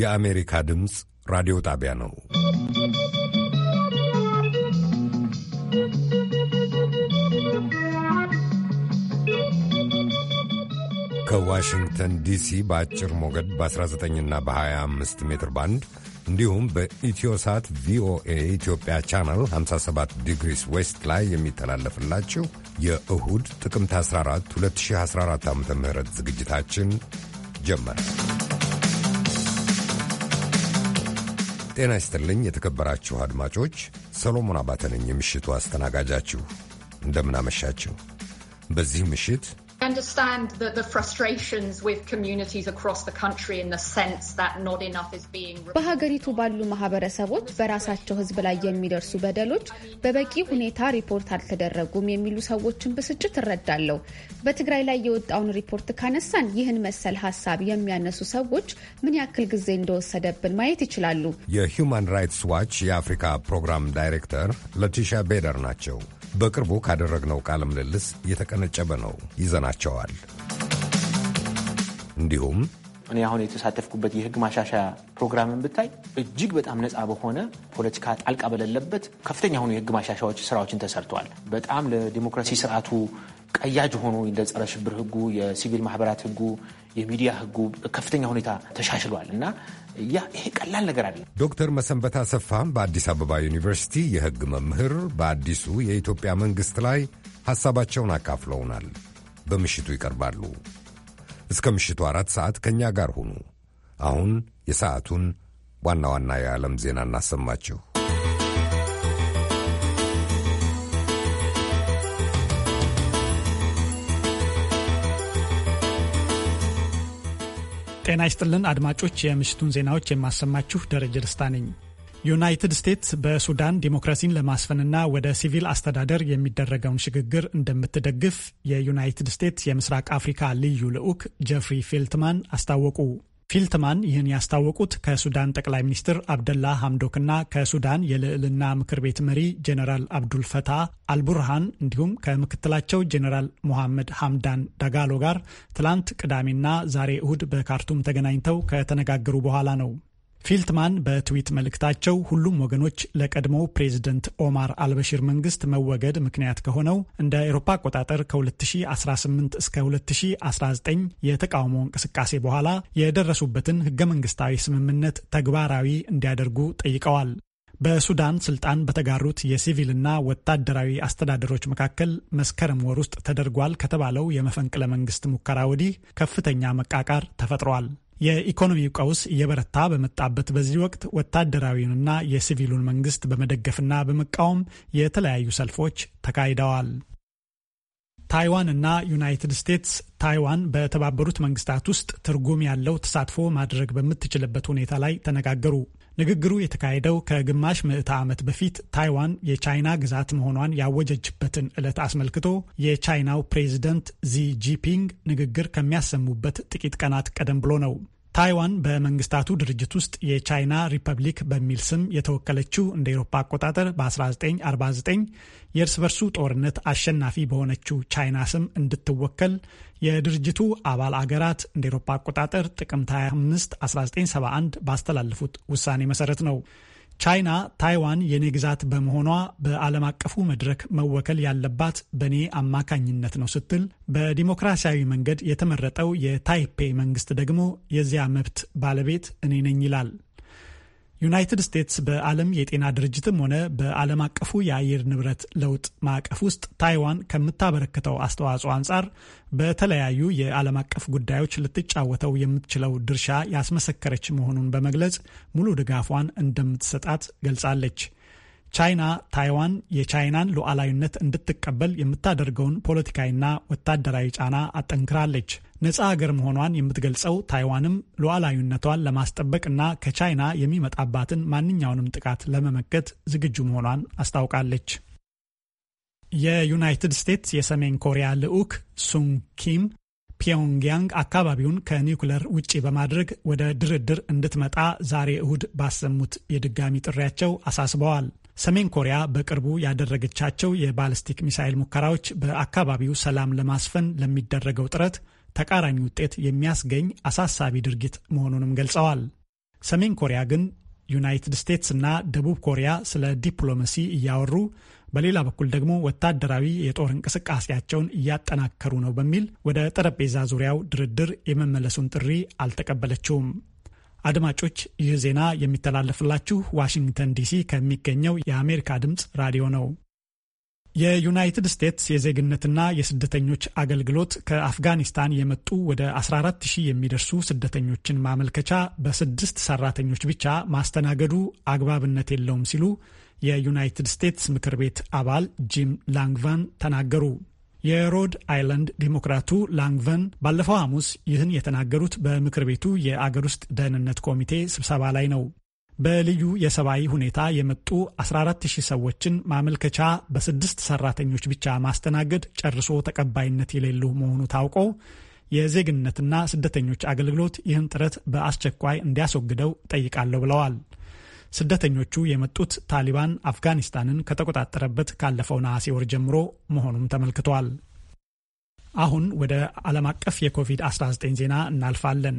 የአሜሪካ ድምፅ ራዲዮ ጣቢያ ነው። ከዋሽንግተን ዲሲ በአጭር ሞገድ በ19ና በ25 ሜትር ባንድ እንዲሁም በኢትዮሳት ቪኦኤ ኢትዮጵያ ቻናል 57 ዲግሪስ ዌስት ላይ የሚተላለፍላችሁ የእሁድ ጥቅምት 14 2014 ዓ ም ዝግጅታችን ጀመረ። ጤና ይስጥልኝ የተከበራችሁ አድማጮች፣ ሰሎሞን አባተ ነኝ የምሽቱ አስተናጋጃችሁ። እንደምን በዚህ ምሽት በሀገሪቱ ባሉ ማህበረሰቦች በራሳቸው ህዝብ ላይ የሚደርሱ በደሎች በበቂ ሁኔታ ሪፖርት አልተደረጉም የሚሉ ሰዎችን ብስጭት እረዳለሁ። በትግራይ ላይ የወጣውን ሪፖርት ካነሳን ይህን መሰል ሀሳብ የሚያነሱ ሰዎች ምን ያክል ጊዜ እንደወሰደብን ማየት ይችላሉ። የሁማን ራይትስ ዋች የአፍሪካ ፕሮግራም ዳይሬክተር ለቲሻ ቤደር ናቸው። በቅርቡ ካደረግነው ቃለ ምልልስ የተቀነጨበ ነው። ይዘናቸዋል። እንዲሁም እኔ አሁን የተሳተፍኩበት የህግ ማሻሻያ ፕሮግራምን ብታይ እጅግ በጣም ነፃ በሆነ ፖለቲካ ጣልቃ በሌለበት ከፍተኛ የሆኑ የህግ ማሻሻያዎች ስራዎችን ተሰርተዋል። በጣም ለዲሞክራሲ ስርዓቱ ቀያጅ ሆኑ እንደ ጸረ ሽብር ህጉ፣ የሲቪል ማህበራት ህጉ፣ የሚዲያ ህጉ ከፍተኛ ሁኔታ ተሻሽሏል እና ያ ይሄ ቀላል ነገር አለ። ዶክተር መሰንበት አሰፋም በአዲስ አበባ ዩኒቨርሲቲ የህግ መምህር በአዲሱ የኢትዮጵያ መንግስት ላይ ሐሳባቸውን አካፍለውናል። በምሽቱ ይቀርባሉ። እስከ ምሽቱ አራት ሰዓት ከእኛ ጋር ሁኑ። አሁን የሰዓቱን ዋና ዋና የዓለም ዜና እናሰማችሁ። ጤና ይስጥልን አድማጮች፣ የምሽቱን ዜናዎች የማሰማችሁ ደረጀ ደስታ ነኝ። ዩናይትድ ስቴትስ በሱዳን ዲሞክራሲን ለማስፈንና ወደ ሲቪል አስተዳደር የሚደረገውን ሽግግር እንደምትደግፍ የዩናይትድ ስቴትስ የምስራቅ አፍሪካ ልዩ ልዑክ ጀፍሪ ፌልትማን አስታወቁ። ፊልትማን ይህን ያስታወቁት ከሱዳን ጠቅላይ ሚኒስትር አብደላ ሐምዶክና ከሱዳን የልዕልና ምክር ቤት መሪ ጀኔራል አብዱልፈታ አልቡርሃን እንዲሁም ከምክትላቸው ጀኔራል ሞሐመድ ሐምዳን ዳጋሎ ጋር ትላንት ቅዳሜና ዛሬ እሁድ በካርቱም ተገናኝተው ከተነጋገሩ በኋላ ነው። ፊልትማን በትዊት መልእክታቸው ሁሉም ወገኖች ለቀድሞው ፕሬዚደንት ኦማር አልበሽር መንግስት መወገድ ምክንያት ከሆነው እንደ አውሮፓ አቆጣጠር ከ2018 እስከ 2019 የተቃውሞ እንቅስቃሴ በኋላ የደረሱበትን ህገ መንግስታዊ ስምምነት ተግባራዊ እንዲያደርጉ ጠይቀዋል። በሱዳን ስልጣን በተጋሩት የሲቪልና ወታደራዊ አስተዳደሮች መካከል መስከረም ወር ውስጥ ተደርጓል ከተባለው የመፈንቅለ መንግስት ሙከራ ወዲህ ከፍተኛ መቃቃር ተፈጥሯል። የኢኮኖሚ ቀውስ እየበረታ በመጣበት በዚህ ወቅት ወታደራዊውንና የሲቪሉን መንግስት በመደገፍና በመቃወም የተለያዩ ሰልፎች ተካሂደዋል። ታይዋን እና ዩናይትድ ስቴትስ ታይዋን በተባበሩት መንግስታት ውስጥ ትርጉም ያለው ተሳትፎ ማድረግ በምትችልበት ሁኔታ ላይ ተነጋገሩ። ንግግሩ የተካሄደው ከግማሽ ምዕተ ዓመት በፊት ታይዋን የቻይና ግዛት መሆኗን ያወጀችበትን ዕለት አስመልክቶ የቻይናው ፕሬዚደንት ዚ ጂፒንግ ንግግር ከሚያሰሙበት ጥቂት ቀናት ቀደም ብሎ ነው። ታይዋን በመንግስታቱ ድርጅት ውስጥ የቻይና ሪፐብሊክ በሚል ስም የተወከለችው እንደ ኤሮፓ አቆጣጠር በ1949 የእርስ በርሱ ጦርነት አሸናፊ በሆነችው ቻይና ስም እንድትወከል የድርጅቱ አባል አገራት እንደ ኤሮፓ አቆጣጠር ጥቅምት 25 1971 ባስተላለፉት ውሳኔ መሰረት ነው። ቻይና ታይዋን የኔ ግዛት በመሆኗ በዓለም አቀፉ መድረክ መወከል ያለባት በእኔ አማካኝነት ነው ስትል፣ በዲሞክራሲያዊ መንገድ የተመረጠው የታይፔ መንግስት ደግሞ የዚያ መብት ባለቤት እኔ ነኝ ይላል። ዩናይትድ ስቴትስ በዓለም የጤና ድርጅትም ሆነ በዓለም አቀፉ የአየር ንብረት ለውጥ ማዕቀፍ ውስጥ ታይዋን ከምታበረክተው አስተዋጽኦ አንጻር በተለያዩ የዓለም አቀፍ ጉዳዮች ልትጫወተው የምትችለው ድርሻ ያስመሰከረች መሆኑን በመግለጽ ሙሉ ድጋፏን እንደምትሰጣት ገልጻለች። ቻይና ታይዋን የቻይናን ሉዓላዊነት እንድትቀበል የምታደርገውን ፖለቲካዊና ወታደራዊ ጫና አጠንክራለች። ነፃ ሀገር መሆኗን የምትገልጸው ታይዋንም ሉዓላዊነቷን ለማስጠበቅ እና ከቻይና የሚመጣባትን ማንኛውንም ጥቃት ለመመከት ዝግጁ መሆኗን አስታውቃለች። የዩናይትድ ስቴትስ የሰሜን ኮሪያ ልዑክ ሱን ኪም ፒዮንግያንግ አካባቢውን ከኒውክለር ውጪ በማድረግ ወደ ድርድር እንድትመጣ ዛሬ እሁድ ባሰሙት የድጋሚ ጥሪያቸው አሳስበዋል። ሰሜን ኮሪያ በቅርቡ ያደረገቻቸው የባልስቲክ ሚሳይል ሙከራዎች በአካባቢው ሰላም ለማስፈን ለሚደረገው ጥረት ተቃራኒ ውጤት የሚያስገኝ አሳሳቢ ድርጊት መሆኑንም ገልጸዋል። ሰሜን ኮሪያ ግን ዩናይትድ ስቴትስ እና ደቡብ ኮሪያ ስለ ዲፕሎማሲ እያወሩ በሌላ በኩል ደግሞ ወታደራዊ የጦር እንቅስቃሴያቸውን እያጠናከሩ ነው በሚል ወደ ጠረጴዛ ዙሪያው ድርድር የመመለሱን ጥሪ አልተቀበለችውም። አድማጮች ይህ ዜና የሚተላለፍላችሁ ዋሽንግተን ዲሲ ከሚገኘው የአሜሪካ ድምፅ ራዲዮ ነው። የዩናይትድ ስቴትስ የዜግነትና የስደተኞች አገልግሎት ከአፍጋኒስታን የመጡ ወደ 140 የሚደርሱ ስደተኞችን ማመልከቻ በስድስት ሰራተኞች ብቻ ማስተናገዱ አግባብነት የለውም ሲሉ የዩናይትድ ስቴትስ ምክር ቤት አባል ጂም ላንግቫን ተናገሩ። የሮድ አይላንድ ዲሞክራቱ ላንግቨን ባለፈው ሐሙስ ይህን የተናገሩት በምክር ቤቱ የአገር ውስጥ ደህንነት ኮሚቴ ስብሰባ ላይ ነው። በልዩ የሰብአዊ ሁኔታ የመጡ 14000 ሰዎችን ማመልከቻ በስድስት ሰራተኞች ብቻ ማስተናገድ ጨርሶ ተቀባይነት የሌሉ መሆኑ ታውቆ የዜግነትና ስደተኞች አገልግሎት ይህን ጥረት በአስቸኳይ እንዲያስወግደው ጠይቃለሁ ብለዋል። ስደተኞቹ የመጡት ታሊባን አፍጋኒስታንን ከተቆጣጠረበት ካለፈው ነሐሴ ወር ጀምሮ መሆኑም ተመልክቷል። አሁን ወደ ዓለም አቀፍ የኮቪድ-19 ዜና እናልፋለን።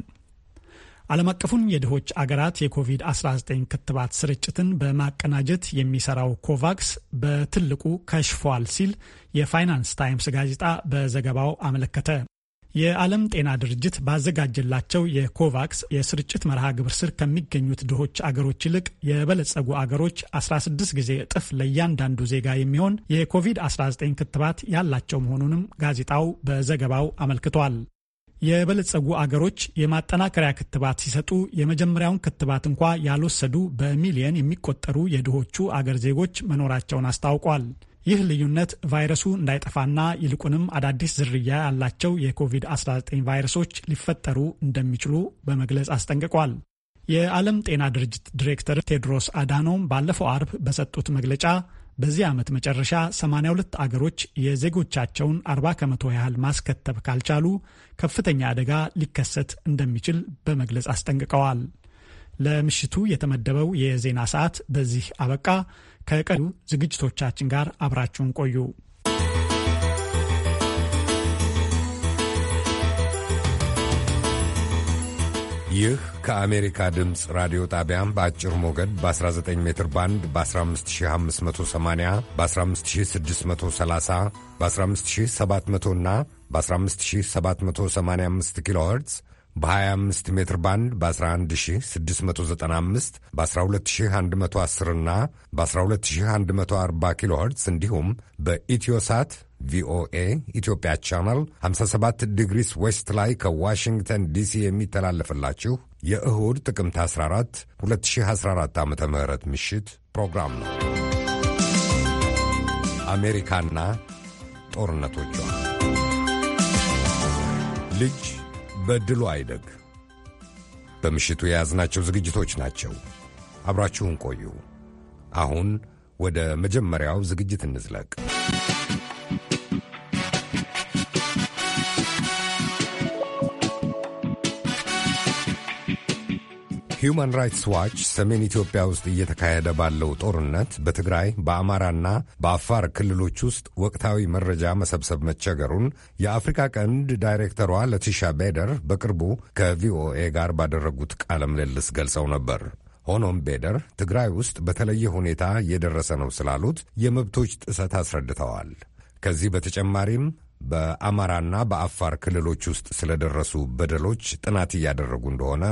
ዓለም አቀፉን የድሆች አገራት የኮቪድ-19 ክትባት ስርጭትን በማቀናጀት የሚሰራው ኮቫክስ በትልቁ ከሽፏል ሲል የፋይናንስ ታይምስ ጋዜጣ በዘገባው አመለከተ። የዓለም ጤና ድርጅት ባዘጋጀላቸው የኮቫክስ የስርጭት መርሃ ግብር ስር ከሚገኙት ድሆች አገሮች ይልቅ የበለጸጉ አገሮች 16 ጊዜ እጥፍ ለእያንዳንዱ ዜጋ የሚሆን የኮቪድ-19 ክትባት ያላቸው መሆኑንም ጋዜጣው በዘገባው አመልክቷል። የበለጸጉ አገሮች የማጠናከሪያ ክትባት ሲሰጡ የመጀመሪያውን ክትባት እንኳ ያልወሰዱ በሚሊየን የሚቆጠሩ የድሆቹ አገር ዜጎች መኖራቸውን አስታውቋል። ይህ ልዩነት ቫይረሱ እንዳይጠፋና ይልቁንም አዳዲስ ዝርያ ያላቸው የኮቪድ-19 ቫይረሶች ሊፈጠሩ እንደሚችሉ በመግለጽ አስጠንቅቋል። የዓለም ጤና ድርጅት ዲሬክተር ቴድሮስ አዳኖም ባለፈው አርብ በሰጡት መግለጫ በዚህ ዓመት መጨረሻ 82 አገሮች የዜጎቻቸውን 40 ከመቶ ያህል ማስከተብ ካልቻሉ ከፍተኛ አደጋ ሊከሰት እንደሚችል በመግለጽ አስጠንቅቀዋል። ለምሽቱ የተመደበው የዜና ሰዓት በዚህ አበቃ። ከቀዱ ዝግጅቶቻችን ጋር አብራችሁን ቆዩ። ይህ ከአሜሪካ ድምፅ ራዲዮ ጣቢያ በአጭር ሞገድ በ19 ሜትር ባንድ በ15580 በ15630 በ15700 እና በ15785 ኪሎ ኸርትዝ በ25 ሜትር ባንድ በ11695 በ12110 እና በ12140 ኪሎ ኸርትዝ እንዲሁም በኢትዮሳት ቪኦኤ ኢትዮጵያ ቻናል 57 ዲግሪስ ዌስት ላይ ከዋሽንግተን ዲሲ የሚተላለፍላችሁ የእሁድ ጥቅምት 14 2014 ዓ ም ምሽት ፕሮግራም ነው። አሜሪካና ጦርነቶቿ ልጅ በድሉ አይደግ በምሽቱ የያዝናቸው ዝግጅቶች ናቸው። አብራችሁን ቆዩ። አሁን ወደ መጀመሪያው ዝግጅት እንዝለቅ። ሂዩማን ራይትስ ዋች ሰሜን ኢትዮጵያ ውስጥ እየተካሄደ ባለው ጦርነት በትግራይ በአማራና በአፋር ክልሎች ውስጥ ወቅታዊ መረጃ መሰብሰብ መቸገሩን የአፍሪካ ቀንድ ዳይሬክተሯ ለቲሻ ቤደር በቅርቡ ከቪኦኤ ጋር ባደረጉት ቃለ ምልልስ ገልጸው ነበር። ሆኖም ቤደር ትግራይ ውስጥ በተለየ ሁኔታ እየደረሰ ነው ስላሉት የመብቶች ጥሰት አስረድተዋል። ከዚህ በተጨማሪም በአማራና በአፋር ክልሎች ውስጥ ስለደረሱ በደሎች ጥናት እያደረጉ እንደሆነ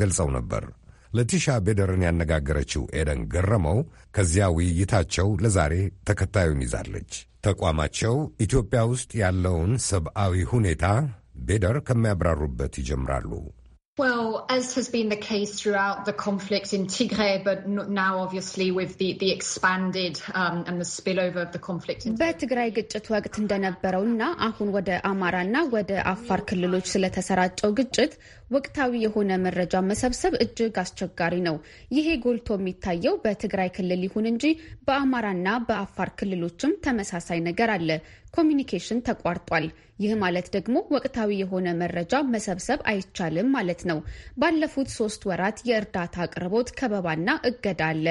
ገልጸው ነበር። ለቲሻ ቤደርን ያነጋገረችው ኤደን ገረመው ከዚያ ውይይታቸው ለዛሬ ተከታዩን ይዛለች። ተቋማቸው ኢትዮጵያ ውስጥ ያለውን ሰብአዊ ሁኔታ ቤደር ከሚያብራሩበት ይጀምራሉ። በትግራይ ግጭት ወቅት እንደነበረውና አሁን ወደ አማራና ወደ አፋር ክልሎች ስለተሰራጨው ግጭት ወቅታዊ የሆነ መረጃ መሰብሰብ እጅግ አስቸጋሪ ነው። ይሄ ጎልቶ የሚታየው በትግራይ ክልል ይሁን እንጂ በአማራና በአፋር ክልሎችም ተመሳሳይ ነገር አለ። ኮሚኒኬሽን ተቋርጧል። ይህ ማለት ደግሞ ወቅታዊ የሆነ መረጃ መሰብሰብ አይቻልም ማለት ነው። ባለፉት ሶስት ወራት የእርዳታ አቅርቦት ከበባና እገዳ አለ።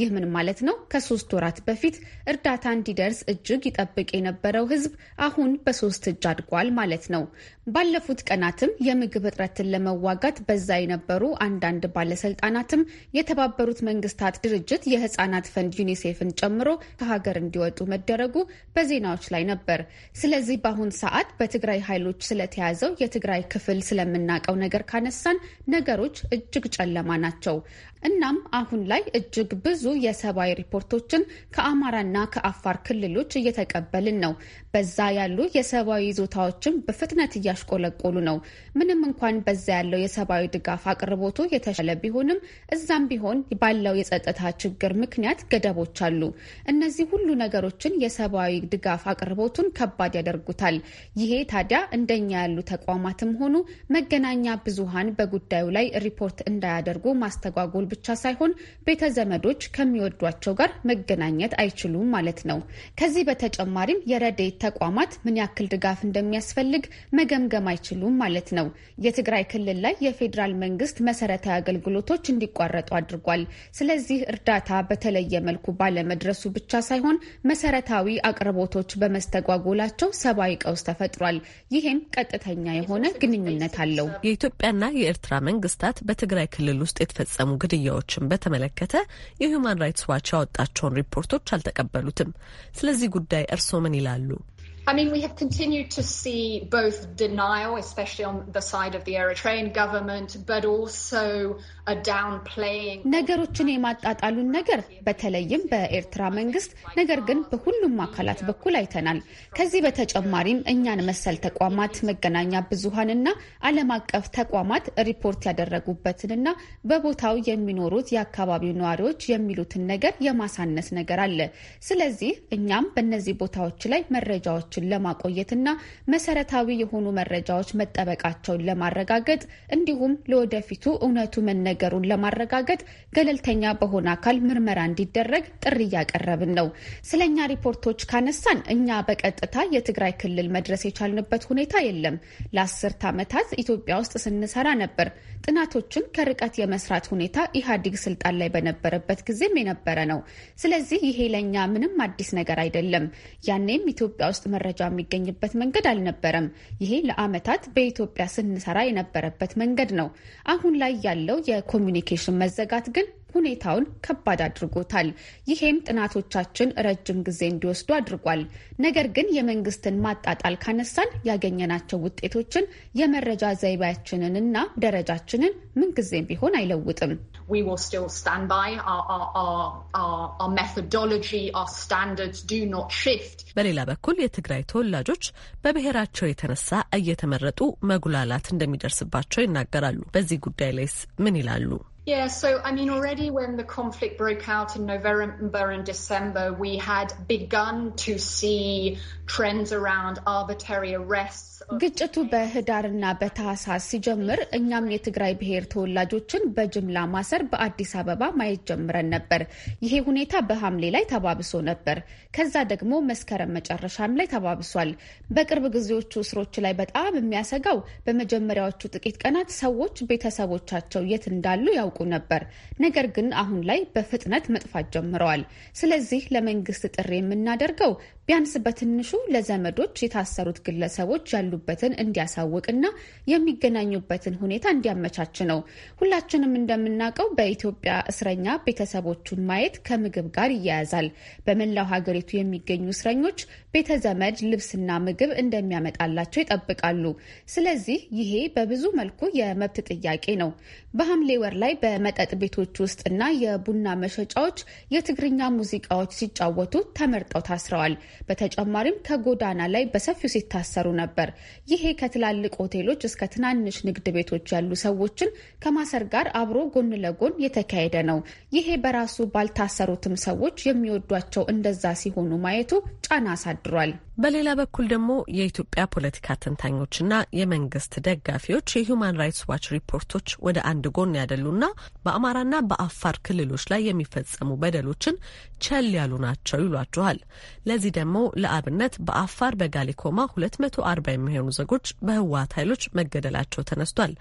ይህ ምን ማለት ነው? ከሶስት ወራት በፊት እርዳታ እንዲደርስ እጅግ ይጠብቅ የነበረው ሕዝብ አሁን በሶስት እጅ አድጓል ማለት ነው። ባለፉት ቀናትም የምግብ እጥረትን ለመዋጋት በዛ የነበሩ አንዳንድ ባለስልጣናትም የተባበሩት መንግስታት ድርጅት የህጻናት ፈንድ ዩኒሴፍን ጨምሮ ከሀገር እንዲወጡ መደረጉ በዜናዎች ላይ ነበር። ስለዚህ በአሁን ሰዓት በትግራይ ኃይሎች ስለተያዘው የትግራይ ክፍል ስለምናቀው ነገር ካነሳን ነገሮች እጅግ ጨለማ ናቸው። እናም አሁን ላይ እጅግ ብዙ የሰብአዊ ሪፖርቶችን ከአማራና ከአፋር ክልሎች እየተቀበልን ነው። በዛ ያሉ የሰብአዊ ይዞታዎችም በፍጥነት እያሽቆለቆሉ ነው። ምንም እንኳን በዛ ያለው የሰብአዊ ድጋፍ አቅርቦቱ የተሻለ ቢሆንም እዛም ቢሆን ባለው የጸጥታ ችግር ምክንያት ገደቦች አሉ። እነዚህ ሁሉ ነገሮችን የሰብአዊ ድጋፍ አቅርቦቱን ከባድ ያደርጉታል። ይሄ ታዲያ እንደኛ ያሉ ተቋማትም ሆኑ መገናኛ ብዙሃን በጉዳዩ ላይ ሪፖርት እንዳያደርጉ ማስተጓጎል ብቻ ሳይሆን ቤተ ዘመዶች ከሚወዷቸው ጋር መገናኘት አይችሉም ማለት ነው። ከዚህ በተጨማሪም የረድኤት ተቋማት ምን ያክል ድጋፍ እንደሚያስፈልግ መገምገም አይችሉም ማለት ነው። የትግራይ ክልል ላይ የፌዴራል መንግስት መሰረታዊ አገልግሎቶች እንዲቋረጡ አድርጓል። ስለዚህ እርዳታ በተለየ መልኩ ባለመድረሱ ብቻ ሳይሆን መሰረታዊ አቅርቦቶች በመስተጓጎላቸው ሰብአዊ ቀውስ ተፈጥሯል። ይህም ቀጥተኛ የሆነ ግንኙነት አለው። የኢትዮጵያና የኤርትራ መንግስታት በትግራይ ክልል ውስጥ የተፈጸሙ ግድያ ግድያዎችን በተመለከተ የሁማን ራይትስ ዋች ያወጣቸውን ሪፖርቶች አልተቀበሉትም። ስለዚህ ጉዳይ እርስዎ ምን ይላሉ? I mean, we have continued to see both denial, especially on the side of the Eritrean government, but also a downplaying. ነገሮችን የማጣጣሉን ነገር በተለይም በኤርትራ መንግስት፣ ነገር ግን በሁሉም አካላት በኩል አይተናል። ከዚህ በተጨማሪም እኛን መሰል ተቋማት፣ መገናኛ ብዙሃንና ዓለም አቀፍ ተቋማት ሪፖርት ያደረጉበትንና በቦታው የሚኖሩት የአካባቢው ነዋሪዎች የሚሉትን ነገር የማሳነስ ነገር አለ። ስለዚህ እኛም በእነዚህ ቦታዎች ላይ መረጃዎች መረጃዎችን ለማቆየትና መሰረታዊ የሆኑ መረጃዎች መጠበቃቸውን ለማረጋገጥ እንዲሁም ለወደፊቱ እውነቱ መነገሩን ለማረጋገጥ ገለልተኛ በሆነ አካል ምርመራ እንዲደረግ ጥሪ እያቀረብን ነው። ስለኛ ሪፖርቶች ካነሳን እኛ በቀጥታ የትግራይ ክልል መድረስ የቻልንበት ሁኔታ የለም። ለአስርት ዓመታት ኢትዮጵያ ውስጥ ስንሰራ ነበር። ጥናቶችን ከርቀት የመስራት ሁኔታ ኢህአዲግ ስልጣን ላይ በነበረበት ጊዜም የነበረ ነው። ስለዚህ ይሄ ለእኛ ምንም አዲስ ነገር አይደለም። ያኔም ኢትዮጵያ ውስጥ መረ መረጃ የሚገኝበት መንገድ አልነበረም። ይሄ ለአመታት በኢትዮጵያ ስንሰራ የነበረበት መንገድ ነው። አሁን ላይ ያለው የኮሚኒኬሽን መዘጋት ግን ሁኔታውን ከባድ አድርጎታል። ይሄም ጥናቶቻችን ረጅም ጊዜ እንዲወስዱ አድርጓል። ነገር ግን የመንግስትን ማጣጣል ካነሳን ያገኘናቸው ውጤቶችን የመረጃ ዘይቤያችንን እና ደረጃችንን ምንጊዜም ቢሆን አይለውጥም። በሌላ በኩል የትግራይ ተወላጆች በብሔራቸው የተነሳ እየተመረጡ መጉላላት እንደሚደርስባቸው ይናገራሉ። በዚህ ጉዳይ ላይስ ምን ይላሉ? Yeah, so I mean, already when the conflict broke out in November and December, we had begun to see trends around arbitrary arrests. ግጭቱ በህዳርና በታህሳስ ሲጀምር እኛም የትግራይ ብሔር ተወላጆችን በጅምላ ማሰር በአዲስ አበባ ማየት ጀምረን ነበር። ይሄ ሁኔታ በሐምሌ ላይ ተባብሶ ነበር። ከዛ ደግሞ መስከረም መጨረሻም ላይ ተባብሷል። በቅርብ ጊዜዎቹ እስሮች ላይ በጣም የሚያሰጋው በመጀመሪያዎቹ ጥቂት ቀናት ሰዎች ቤተሰቦቻቸው የት እንዳሉ ያውቁ ነበር። ነገር ግን አሁን ላይ በፍጥነት መጥፋት ጀምረዋል። ስለዚህ ለመንግስት ጥሪ የምናደርገው ቢያንስ በትንሹ ለዘመዶች የታሰሩት ግለሰቦች ያሉበትን እንዲያሳውቅና የሚገናኙበትን ሁኔታ እንዲያመቻች ነው። ሁላችንም እንደምናውቀው በኢትዮጵያ እስረኛ ቤተሰቦቹን ማየት ከምግብ ጋር ይያያዛል። በመላው ሀገሪቱ የሚገኙ እስረኞች ቤተ ዘመድ ልብስና ምግብ እንደሚያመጣላቸው ይጠብቃሉ። ስለዚህ ይሄ በብዙ መልኩ የመብት ጥያቄ ነው። በሐምሌ ወር ላይ በመጠጥ ቤቶች ውስጥና የቡና መሸጫዎች የትግርኛ ሙዚቃዎች ሲጫወቱ ተመርጠው ታስረዋል። በተጨማሪም ከጎዳና ላይ በሰፊው ሲታሰሩ ነበር። ይሄ ከትላልቅ ሆቴሎች እስከ ትናንሽ ንግድ ቤቶች ያሉ ሰዎችን ከማሰር ጋር አብሮ ጎን ለጎን የተካሄደ ነው። ይሄ በራሱ ባልታሰሩትም ሰዎች የሚወዷቸው እንደዛ ሲሆኑ ማየቱ ጫና አሳድሯል። በሌላ በኩል ደግሞ የኢትዮጵያ ፖለቲካ ተንታኞችና የመንግስት ደጋፊዎች የሁማን ራይትስ ዋች ሪፖርቶች ወደ አንድ ጎን ያደሉና በአማራና በአፋር ክልሎች ላይ የሚፈጸሙ በደሎችን ቸል ያሉ ናቸው ይሏችኋል። ለዚህ ደግሞ ለአብነት በአፋር በጋሊኮማ መቶ አርባ የሚሆኑ ዜጎች በህወሀት ኃይሎች መገደላቸው ተነስቷል።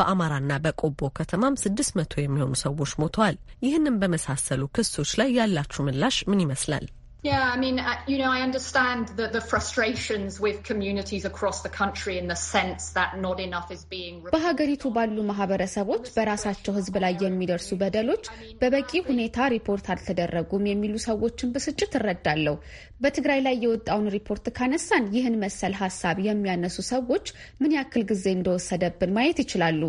በአማራና በቆቦ ከተማም መቶ የሚሆኑ ሰዎች ሞተዋል። ይህንን በመሳሰሉ ክሶች ላይ ያላችሁ ምላሽ ምን ይመስላል? Yeah, I mean, you know, I understand the, the frustrations with communities across the country in the sense that not enough is being በሀገሪቱ ባሉ ማህበረሰቦች በራሳቸው ሕዝብ ላይ የሚደርሱ በደሎች በበቂ ሁኔታ ሪፖርት አልተደረጉም የሚሉ ሰዎችን ብስጭት እረዳለሁ። በትግራይ ላይ የወጣውን ሪፖርት ካነሳን ይህን መሰል ሀሳብ የሚያነሱ ሰዎች ምን ያክል ጊዜ እንደወሰደብን ማየት ይችላሉ።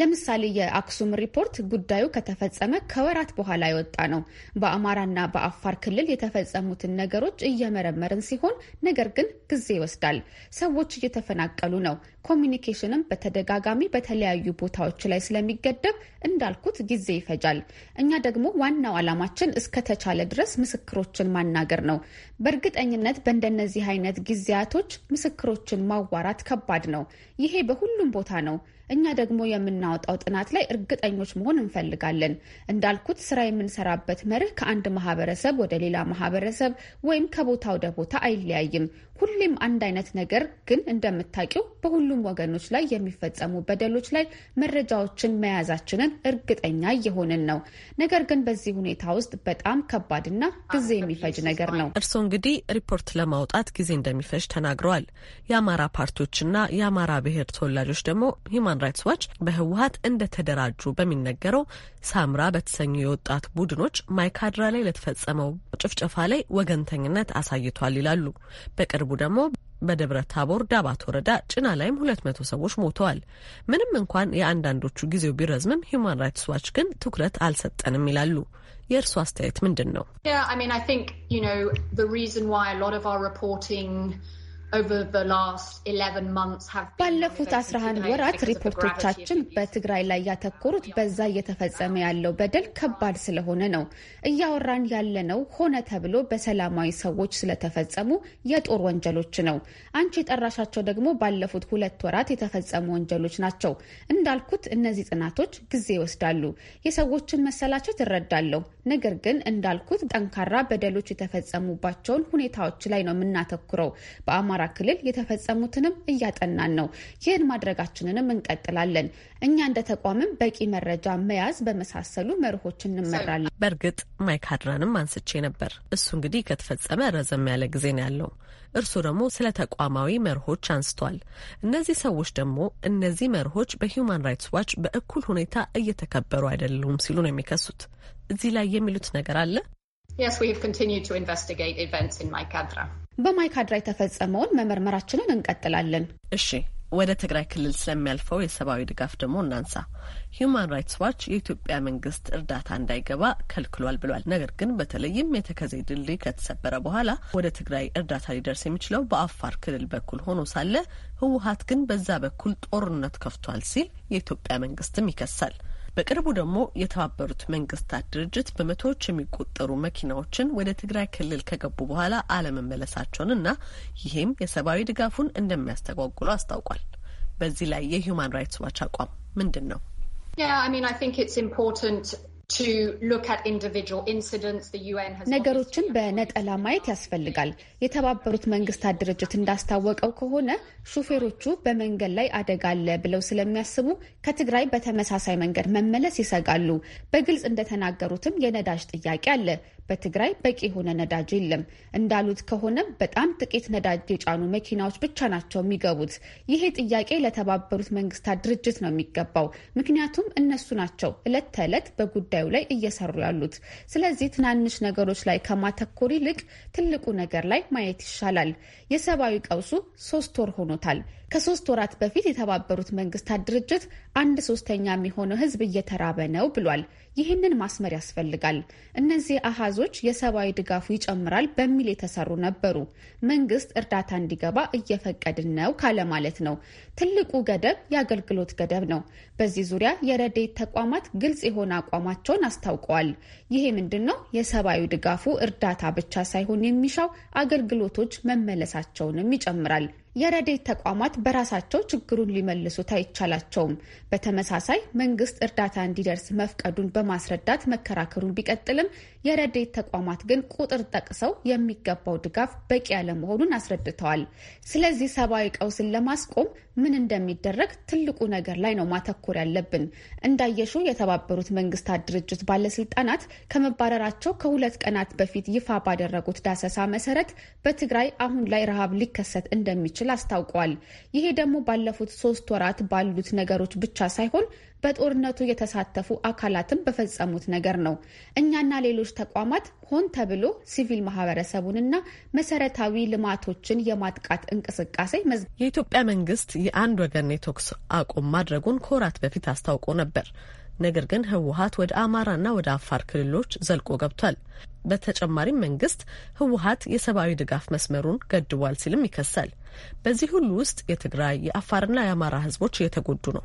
ለምሳሌ የአክሱም ሪፖርት ጉዳዩ ከተፈጸመ ከወራት በኋላ የወጣ ነው። በአማራና በአፋር ክልል የተፈጸሙትን ነገሮች እየመረመርን ሲሆን፣ ነገር ግን ጊዜ ይወስዳል። ሰዎች እየተፈናቀሉ ነው። ኮሚኒኬሽንም በተደጋጋሚ በተለያዩ ቦታዎች ላይ ስለሚገደብ እንዳልኩት ጊዜ ይፈጃል። እኛ ደግሞ ዋናው ዓላማችን እስከተቻለ ድረስ ምስክሮችን ማናገር ነው። በእርግጠኝነት በእንደነዚህ አይነት ጊዜያቶች ምስክሮችን ማዋራት ከባድ ነው። ይሄ በሁሉም ቦታ ነው። እኛ ደግሞ የምናወጣው ጥናት ላይ እርግጠኞች መሆን እንፈልጋለን። እንዳልኩት ስራ የምንሰራበት መርህ ከአንድ ማህበረሰብ ወደ ሌላ ማህበረሰብ ወይም ከቦታ ወደ ቦታ አይለያይም። ሁሌም አንድ አይነት ነገር ግን እንደምታውቂው በሁሉም ወገኖች ላይ የሚፈጸሙ በደሎች ላይ መረጃዎችን መያዛችንን እርግጠኛ እየሆንን ነው። ነገር ግን በዚህ ሁኔታ ውስጥ በጣም ከባድና ጊዜ የሚፈጅ ነገር ነው። እርስዎ እንግዲህ ሪፖርት ለማውጣት ጊዜ እንደሚፈጅ ተናግረዋል። የአማራ ፓርቲዎችና የአማራ ብሔር ተወላጆች ደግሞ ሂዩማን ራይትስ ዋች በህወሀት እንደተደራጁ በሚነገረው ሳምራ በተሰኙ የወጣት ቡድኖች ማይካድራ ላይ ለተፈጸመው ጭፍጨፋ ላይ ወገንተኝነት አሳይቷል ይላሉ። በቅርቡ ደግሞ በደብረ ታቦር ዳባት ወረዳ ጭና ላይም ሁለት መቶ ሰዎች ሞተዋል። ምንም እንኳን የአንዳንዶቹ ጊዜው ቢረዝምም ሂውማን ራይትስ ዋች ግን ትኩረት አልሰጠንም ይላሉ። የእርሱ አስተያየት ምንድን ነው? ባለፉት 11 ወራት ሪፖርቶቻችን በትግራይ ላይ ያተኮሩት በዛ እየተፈጸመ ያለው በደል ከባድ ስለሆነ ነው። እያወራን ያለነው ሆነ ተብሎ በሰላማዊ ሰዎች ስለተፈጸሙ የጦር ወንጀሎች ነው። አንቺ የጠራሻቸው ደግሞ ባለፉት ሁለት ወራት የተፈጸሙ ወንጀሎች ናቸው። እንዳልኩት እነዚህ ጥናቶች ጊዜ ይወስዳሉ። የሰዎችን መሰላቸት እረዳለሁ። ነገር ግን እንዳልኩት ጠንካራ በደሎች የተፈጸሙባቸውን ሁኔታዎች ላይ ነው የምናተኩረው በአማራ በአማራ ክልል የተፈጸሙትንም እያጠናን ነው። ይህን ማድረጋችንንም እንቀጥላለን። እኛ እንደ ተቋምም በቂ መረጃ መያዝ በመሳሰሉ መርሆች እንመራለን። በእርግጥ ማይካድራንም አንስቼ ነበር። እሱ እንግዲህ ከተፈጸመ ረዘም ያለ ጊዜ ነው ያለው። እርሱ ደግሞ ስለ ተቋማዊ መርሆች አንስቷል። እነዚህ ሰዎች ደግሞ እነዚህ መርሆች በሂውማን ራይትስ ዋች በእኩል ሁኔታ እየተከበሩ አይደሉም ሲሉ ነው የሚከሱት። እዚህ ላይ የሚሉት ነገር አለ። Yes, we have continued to investigate events in በማይካድራ የተፈጸመውን መመርመራችንን እንቀጥላለን። እሺ ወደ ትግራይ ክልል ስለሚያልፈው የሰብአዊ ድጋፍ ደግሞ እናንሳ። ሂዩማን ራይትስ ዋች የኢትዮጵያ መንግስት እርዳታ እንዳይገባ ከልክሏል ብሏል። ነገር ግን በተለይም የተከዜ ድልድይ ከተሰበረ በኋላ ወደ ትግራይ እርዳታ ሊደርስ የሚችለው በአፋር ክልል በኩል ሆኖ ሳለ ህወሀት ግን በዛ በኩል ጦርነት ከፍቷል ሲል የኢትዮጵያ መንግስትም ይከሳል። በቅርቡ ደግሞ የተባበሩት መንግስታት ድርጅት በመቶዎች የሚቆጠሩ መኪናዎችን ወደ ትግራይ ክልል ከገቡ በኋላ አለመመለሳቸውንና ይህም የሰብአዊ ድጋፉን እንደሚያስተጓጉሉ አስታውቋል። በዚህ ላይ የሂዩማን ራይትስ ዋች አቋም ምንድን ነው? ነገሮችን በነጠላ ማየት ያስፈልጋል። የተባበሩት መንግስታት ድርጅት እንዳስታወቀው ከሆነ ሹፌሮቹ በመንገድ ላይ አደጋ አለ ብለው ስለሚያስቡ ከትግራይ በተመሳሳይ መንገድ መመለስ ይሰጋሉ። በግልጽ እንደተናገሩትም የነዳጅ ጥያቄ አለ። በትግራይ በቂ የሆነ ነዳጅ የለም። እንዳሉት ከሆነም በጣም ጥቂት ነዳጅ የጫኑ መኪናዎች ብቻ ናቸው የሚገቡት። ይሄ ጥያቄ ለተባበሩት መንግስታት ድርጅት ነው የሚገባው። ምክንያቱም እነሱ ናቸው እለት ተዕለት በጉዳዩ ላይ እየሰሩ ያሉት። ስለዚህ ትናንሽ ነገሮች ላይ ከማተኮር ይልቅ ትልቁ ነገር ላይ ማየት ይሻላል። የሰብአዊ ቀውሱ ሶስት ወር ሆኖታል። ከሶስት ወራት በፊት የተባበሩት መንግስታት ድርጅት አንድ ሶስተኛ የሚሆነው ህዝብ እየተራበ ነው ብሏል። ይህንን ማስመር ያስፈልጋል። እነዚህ አሃዞች የሰብአዊ ድጋፉ ይጨምራል በሚል የተሰሩ ነበሩ። መንግስት እርዳታ እንዲገባ እየፈቀድን ነው ካለ ማለት ነው። ትልቁ ገደብ የአገልግሎት ገደብ ነው። በዚህ ዙሪያ የረድኤት ተቋማት ግልጽ የሆነ አቋማቸውን አስታውቀዋል። ይሄ ምንድን ነው? የሰብአዊ ድጋፉ እርዳታ ብቻ ሳይሆን የሚሻው አገልግሎቶች መመለሳቸውንም ይጨምራል። የረዴት ተቋማት በራሳቸው ችግሩን ሊመልሱት አይቻላቸውም። በተመሳሳይ መንግስት እርዳታ እንዲደርስ መፍቀዱን በማስረዳት መከራከሩን ቢቀጥልም የረዴት ተቋማት ግን ቁጥር ጠቅሰው የሚገባው ድጋፍ በቂ ያለመሆኑን አስረድተዋል። ስለዚህ ሰብአዊ ቀውስን ለማስቆም ምን እንደሚደረግ ትልቁ ነገር ላይ ነው ማተኮር ያለብን። እንዳየሹ የተባበሩት መንግስታት ድርጅት ባለስልጣናት ከመባረራቸው ከሁለት ቀናት በፊት ይፋ ባደረጉት ዳሰሳ መሰረት በትግራይ አሁን ላይ ረሃብ ሊከሰት እንደሚችል አስታውቋል። ይሄ ደግሞ ባለፉት ሶስት ወራት ባሉት ነገሮች ብቻ ሳይሆን በጦርነቱ የተሳተፉ አካላትም በፈጸሙት ነገር ነው። እኛና ሌሎች ተቋማት ሆን ተብሎ ሲቪል ማህበረሰቡንና መሰረታዊ ልማቶችን የማጥቃት እንቅስቃሴ የኢትዮጵያ መንግስት የአንድ ወገን የተኩስ አቁም ማድረጉን ከወራት በፊት አስታውቆ ነበር። ነገር ግን ህወሀት ወደ አማራና ወደ አፋር ክልሎች ዘልቆ ገብቷል። በተጨማሪም መንግስት ህወሀት የሰብአዊ ድጋፍ መስመሩን ገድቧል ሲልም ይከሳል። በዚህ ሁሉ ውስጥ የትግራይ የአፋርና የአማራ ህዝቦች እየተጎዱ ነው።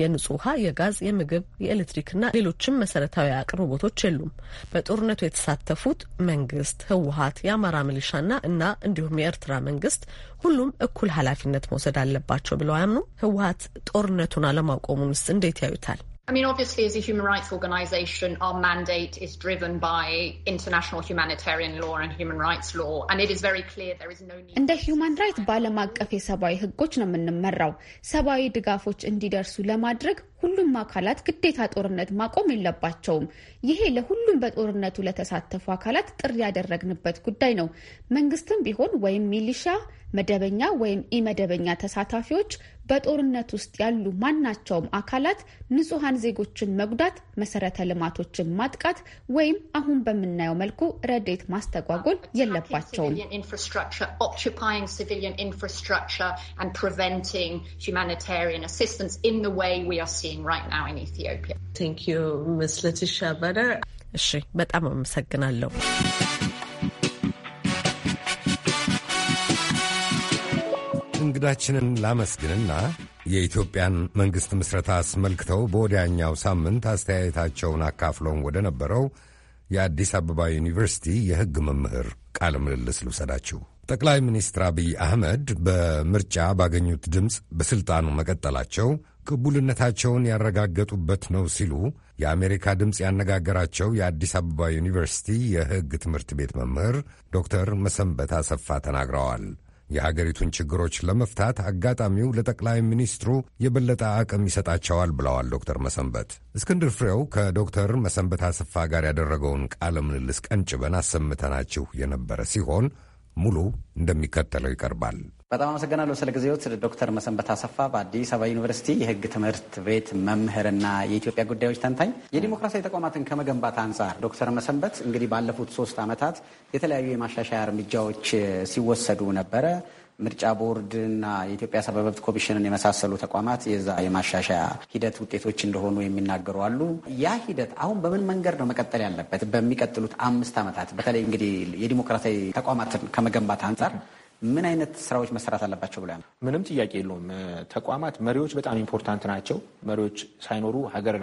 የንጹህ ውሃ፣ የጋዝ፣ የምግብ፣ የኤሌክትሪክና ሌሎችም መሰረታዊ አቅርቦቶች የሉም። በጦርነቱ የተሳተፉት መንግስት፣ ህወሀት፣ የአማራ ሚሊሻና እና እንዲሁም የኤርትራ መንግስት ሁሉም እኩል ኃላፊነት መውሰድ አለባቸው ብለው አያምኑም። ህወሀት ጦርነቱን ውስጥ እንዴት ያዩታል? I mean, obviously, as a human rights organization, our mandate is driven by international humanitarian law and human rights law, and it is very clear there is no need. እንደ ሂውማን ራይት በዓለም አቀፍ የሰብአዊ ህጎች ነው የምንመራው። ሰብአዊ ድጋፎች እንዲደርሱ ለማድረግ ሁሉም አካላት ግዴታ ጦርነት ማቆም የለባቸውም። ይሄ ለሁሉም በጦርነቱ ለተሳተፉ አካላት ጥሪ ያደረግንበት ጉዳይ ነው። መንግስትም ቢሆን ወይም ሚሊሻ፣ መደበኛ ወይም ኢመደበኛ ተሳታፊዎች በጦርነት ውስጥ ያሉ ማናቸውም አካላት ንጹሐን ዜጎችን መጉዳት፣ መሰረተ ልማቶችን ማጥቃት ወይም አሁን በምናየው መልኩ ረዴት ማስተጓጎል የለባቸውም። እሺ፣ በጣም አመሰግናለሁ። እንግዳችንን ላመስግንና የኢትዮጵያን መንግሥት ምስረታ አስመልክተው በወዲያኛው ሳምንት አስተያየታቸውን አካፍለውን ወደ ነበረው የአዲስ አበባ ዩኒቨርሲቲ የሕግ መምህር ቃለ ምልልስ ልውሰዳችሁ። ጠቅላይ ሚኒስትር አብይ አህመድ በምርጫ ባገኙት ድምፅ በሥልጣኑ መቀጠላቸው ቅቡልነታቸውን ያረጋገጡበት ነው ሲሉ የአሜሪካ ድምፅ ያነጋገራቸው የአዲስ አበባ ዩኒቨርሲቲ የሕግ ትምህርት ቤት መምህር ዶክተር መሰንበት አሰፋ ተናግረዋል። የሀገሪቱን ችግሮች ለመፍታት አጋጣሚው ለጠቅላይ ሚኒስትሩ የበለጠ አቅም ይሰጣቸዋል ብለዋል ዶክተር መሰንበት። እስክንድር ፍሬው ከዶክተር መሰንበት አስፋ ጋር ያደረገውን ቃለ ምልልስ ቀንጭበን አሰምተናችሁ የነበረ ሲሆን ሙሉ እንደሚከተለው ይቀርባል። በጣም አመሰግናለሁ ስለ ጊዜዎት። ዶክተር መሰንበት አሰፋ በአዲስ አበባ ዩኒቨርሲቲ የህግ ትምህርት ቤት መምህርና የኢትዮጵያ ጉዳዮች ተንታኝ። የዲሞክራሲያዊ ተቋማትን ከመገንባት አንጻር ዶክተር መሰንበት እንግዲህ ባለፉት ሶስት ዓመታት የተለያዩ የማሻሻያ እርምጃዎች ሲወሰዱ ነበረ። ምርጫ ቦርድና የኢትዮጵያ ሰብአዊ መብት ኮሚሽንን የመሳሰሉ ተቋማት የዛ የማሻሻያ ሂደት ውጤቶች እንደሆኑ የሚናገሩ አሉ። ያ ሂደት አሁን በምን መንገድ ነው መቀጠል ያለበት? በሚቀጥሉት አምስት ዓመታት በተለይ እንግዲህ የዲሞክራሲያዊ ተቋማትን ከመገንባት አንጻር ምን አይነት ስራዎች መሰራት አለባቸው ብለ ምንም ጥያቄ የለውም። ተቋማት መሪዎች በጣም ኢምፖርታንት ናቸው። መሪዎች ሳይኖሩ ሀገር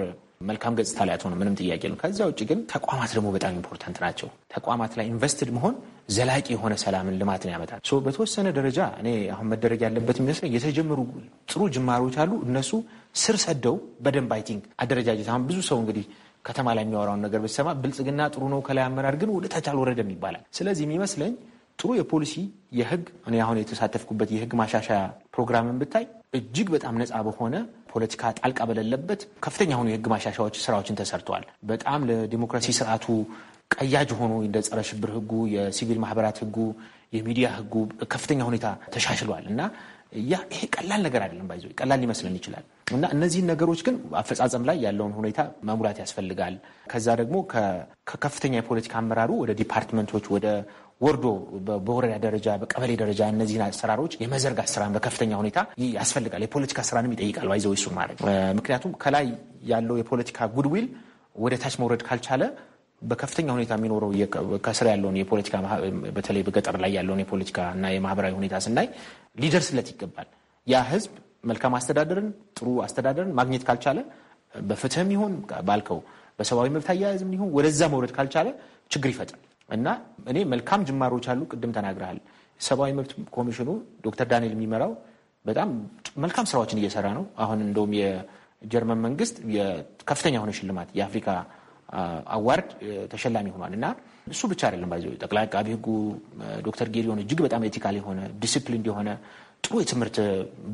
መልካም ገጽታ ላይ አትሆንም። ምንም ጥያቄ የለውም። ከዚያ ውጭ ግን ተቋማት ደግሞ በጣም ኢምፖርታንት ናቸው። ተቋማት ላይ ኢንቨስትድ መሆን ዘላቂ የሆነ ሰላምን፣ ልማትን ያመጣል። በተወሰነ ደረጃ እኔ አሁን መደረግ ያለበት የሚመስለኝ የተጀመሩ ጥሩ ጅማሮች አሉ። እነሱ ስር ሰደው በደንብ አይ ቲንክ አደረጃጀት አሁን ብዙ ሰው እንግዲህ ከተማ ላይ የሚያወራውን ነገር ብትሰማ ብልጽግና ጥሩ ነው ከላይ አመራር ግን ወደ ታች አልወረደም ይባላል። ስለዚህ የሚመስለኝ ጥሩ የፖሊሲ የህግ እኔ አሁን የተሳተፍኩበት የህግ ማሻሻያ ፕሮግራምን ብታይ እጅግ በጣም ነፃ በሆነ ፖለቲካ ጣልቃ በሌለበት ከፍተኛ የሆኑ የህግ ማሻሻያዎች ስራዎችን ተሰርተዋል። በጣም ለዲሞክራሲ ስርዓቱ ቀያጅ ሆኖ እንደ ጸረ ሽብር ህጉ፣ የሲቪል ማህበራት ህጉ፣ የሚዲያ ህጉ ከፍተኛ ሁኔታ ተሻሽሏል እና ያ ይሄ ቀላል ነገር አይደለም። ባይዞ ቀላል ሊመስለን ይችላል እና እነዚህን ነገሮች ግን አፈጻጸም ላይ ያለውን ሁኔታ መሙላት ያስፈልጋል። ከዛ ደግሞ ከከፍተኛ የፖለቲካ አመራሩ ወደ ዲፓርትመንቶች፣ ወደ ወርዶ በወረዳ ደረጃ በቀበሌ ደረጃ እነዚህን አሰራሮች የመዘርጋት ስራን በከፍተኛ ሁኔታ ያስፈልጋል። የፖለቲካ ስራንም ይጠይቃል። ይዘው ይሱ ማለት ምክንያቱም ከላይ ያለው የፖለቲካ ጉድዊል ወደ ታች መውረድ ካልቻለ በከፍተኛ ሁኔታ የሚኖረው ከስር ያለውን የፖለቲካ በተለይ በገጠር ላይ ያለውን የፖለቲካ እና የማህበራዊ ሁኔታ ስናይ ሊደርስለት ይገባል። ያ ህዝብ መልካም አስተዳደርን ጥሩ አስተዳደርን ማግኘት ካልቻለ በፍትህም ይሁን ባልከው በሰብአዊ መብት አያያዝም ይሁን ወደዛ መውረድ ካልቻለ ችግር ይፈጥራል። እና እኔ መልካም ጅማሮች አሉ። ቅድም ተናግረሃል። ሰብአዊ መብት ኮሚሽኑ ዶክተር ዳንኤል የሚመራው በጣም መልካም ስራዎችን እየሰራ ነው። አሁን እንደውም የጀርመን መንግስት ከፍተኛ የሆነ ሽልማት የአፍሪካ አዋርድ ተሸላሚ ሆኗል እና እሱ ብቻ አይደለም ባይዘ ጠቅላይ አቃቢ ህጉ ዶክተር ጌዲዮን እጅግ በጣም ኤቲካል የሆነ ዲስፕሊን የሆነ ጥሩ የትምህርት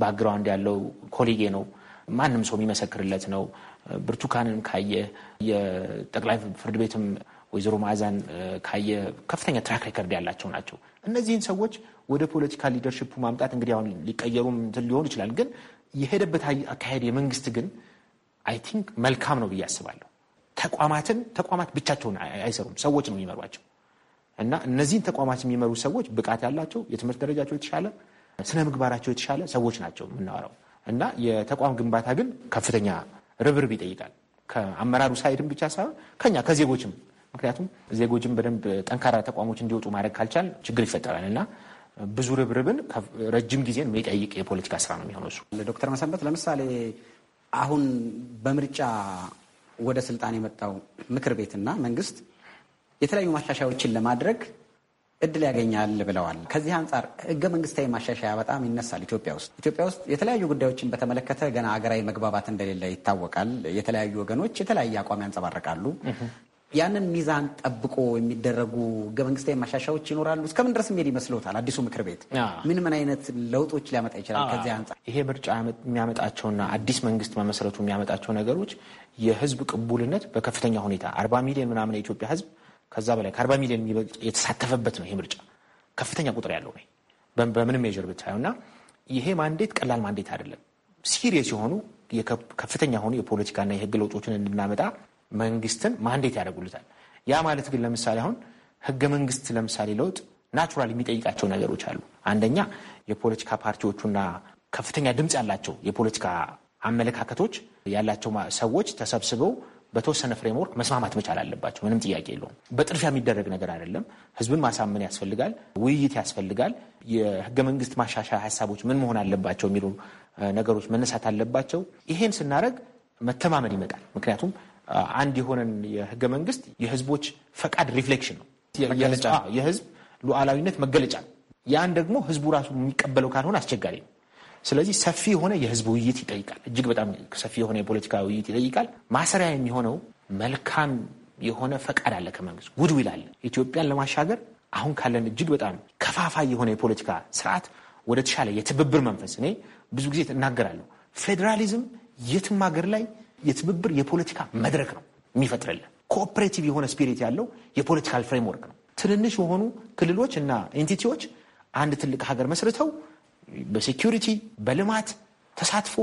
ባክግራውንድ ያለው ኮሌጌ ነው። ማንም ሰው የሚመሰክርለት ነው። ብርቱካንን ካየ የጠቅላይ ፍርድ ቤትም ወይዘሮ መዓዛን ካየ ከፍተኛ ትራክ ሬከርድ ያላቸው ናቸው። እነዚህን ሰዎች ወደ ፖለቲካ ሊደርሽፑ ማምጣት እንግዲህ አሁን ሊቀየሩም ሊሆን ይችላል። ግን የሄደበት አካሄድ የመንግስት ግን አይ ቲንክ መልካም ነው ብዬ አስባለሁ። ተቋማትን ተቋማት ብቻቸውን አይሰሩም፣ ሰዎች ነው የሚመሯቸው እና እነዚህን ተቋማት የሚመሩ ሰዎች ብቃት ያላቸው፣ የትምህርት ደረጃቸው የተሻለ፣ ስነ ምግባራቸው የተሻለ ሰዎች ናቸው የምናወራው እና የተቋም ግንባታ ግን ከፍተኛ ርብርብ ይጠይቃል። ከአመራሩ ሳይድም ብቻ ሳይሆን ከኛ ከዜጎችም ምክንያቱም ዜጎችን በደንብ ጠንካራ ተቋሞች እንዲወጡ ማድረግ ካልቻል ችግር ይፈጠራል እና ብዙ ርብርብን ረጅም ጊዜን የሚጠይቅ የፖለቲካ ስራ ነው የሚሆነው እሱ። ዶክተር መሰንበት ለምሳሌ አሁን በምርጫ ወደ ስልጣን የመጣው ምክር ቤትና መንግስት የተለያዩ ማሻሻያዎችን ለማድረግ እድል ያገኛል ብለዋል። ከዚህ አንጻር ህገ መንግስታዊ ማሻሻያ በጣም ይነሳል ኢትዮጵያ ውስጥ ኢትዮጵያ ውስጥ የተለያዩ ጉዳዮችን በተመለከተ ገና አገራዊ መግባባት እንደሌለ ይታወቃል። የተለያዩ ወገኖች የተለያየ አቋም ያንጸባርቃሉ። ያንን ሚዛን ጠብቆ የሚደረጉ ህገ መንግስታዊ ማሻሻዎች ይኖራሉ። እስከምን ድረስ የሚሄድ ይመስሎታል? አዲሱ ምክር ቤት ምን ምን አይነት ለውጦች ሊያመጣ ይችላል? ከዚህ አንጻር ይሄ ምርጫ የሚያመጣቸውና አዲስ መንግስት መመሰረቱ የሚያመጣቸው ነገሮች የህዝብ ቅቡልነት በከፍተኛ ሁኔታ አርባ ሚሊዮን ምናምን የኢትዮጵያ ህዝብ ከዛ በላይ ከአርባ ሚሊዮን የሚበልጥ የተሳተፈበት ነው። ይሄ ምርጫ ከፍተኛ ቁጥር ያለው ነው በምንም ሜዥር ብታዩ እና ይሄ ማንዴት ቀላል ማንዴት አይደለም። ሲሪየስ የሆኑ ከፍተኛ የሆኑ የፖለቲካና የህግ ለውጦችን እንድናመጣ መንግስትን ማንዴት ያደርጉልታል። ያ ማለት ግን ለምሳሌ አሁን ህገ መንግስት ለምሳሌ ለውጥ ናቹራል የሚጠይቃቸው ነገሮች አሉ። አንደኛ የፖለቲካ ፓርቲዎቹና ከፍተኛ ድምፅ ያላቸው የፖለቲካ አመለካከቶች ያላቸው ሰዎች ተሰብስበው በተወሰነ ፍሬምወርክ መስማማት መቻል አለባቸው። ምንም ጥያቄ የለውም። በጥድፊያ የሚደረግ ነገር አይደለም። ህዝብን ማሳመን ያስፈልጋል። ውይይት ያስፈልጋል። የህገ መንግስት ማሻሻያ ሀሳቦች ምን መሆን አለባቸው የሚሉ ነገሮች መነሳት አለባቸው። ይሄን ስናደርግ መተማመን ይመጣል። ምክንያቱም አንድ የሆነን የህገ መንግስት የህዝቦች ፈቃድ ሪፍሌክሽን ነው። የህዝብ ሉዓላዊነት መገለጫ ነው። ያን ደግሞ ህዝቡ ራሱ የሚቀበለው ካልሆነ አስቸጋሪ ነው። ስለዚህ ሰፊ የሆነ የህዝብ ውይይት ይጠይቃል። እጅግ በጣም ሰፊ የሆነ የፖለቲካ ውይይት ይጠይቃል። ማሰሪያ የሚሆነው መልካም የሆነ ፈቃድ አለ ከመንግስት ጉድ ይላል። ኢትዮጵያን ለማሻገር አሁን ካለን እጅግ በጣም ከፋፋይ የሆነ የፖለቲካ ስርዓት ወደ ተሻለ የትብብር መንፈስ እኔ ብዙ ጊዜ እናገራለሁ። ፌዴራሊዝም የትም ሀገር ላይ የትብብር የፖለቲካ መድረክ ነው የሚፈጥርልን። ኮኦፕሬቲቭ የሆነ ስፒሪት ያለው የፖለቲካል ፍሬምወርክ ነው። ትንንሽ የሆኑ ክልሎች እና ኤንቲቲዎች አንድ ትልቅ ሀገር መስርተው በሴኪሪቲ በልማት ተሳትፎ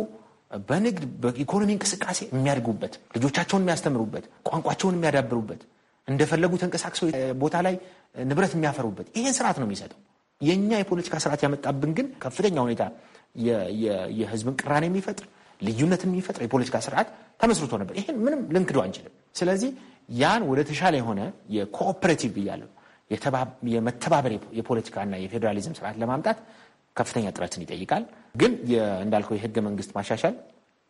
በንግድ በኢኮኖሚ እንቅስቃሴ የሚያድጉበት ልጆቻቸውን የሚያስተምሩበት ቋንቋቸውን የሚያዳብሩበት እንደፈለጉ ተንቀሳቅሰው ቦታ ላይ ንብረት የሚያፈሩበት ይህን ስርዓት ነው የሚሰጠው። የእኛ የፖለቲካ ስርዓት ያመጣብን ግን ከፍተኛ ሁኔታ የህዝብን ቅራኔ የሚፈጥር ልዩነት የሚፈጥር የፖለቲካ ስርዓት ተመስርቶ ነበር። ይህን ምንም ልንክዶ አንችልም። ስለዚህ ያን ወደ ተሻለ የሆነ የኮኦፐሬቲቭ ብያለሁ የመተባበር የፖለቲካና የፌዴራሊዝም ስርዓት ለማምጣት ከፍተኛ ጥረትን ይጠይቃል። ግን እንዳልከው የህገ መንግስት ማሻሻል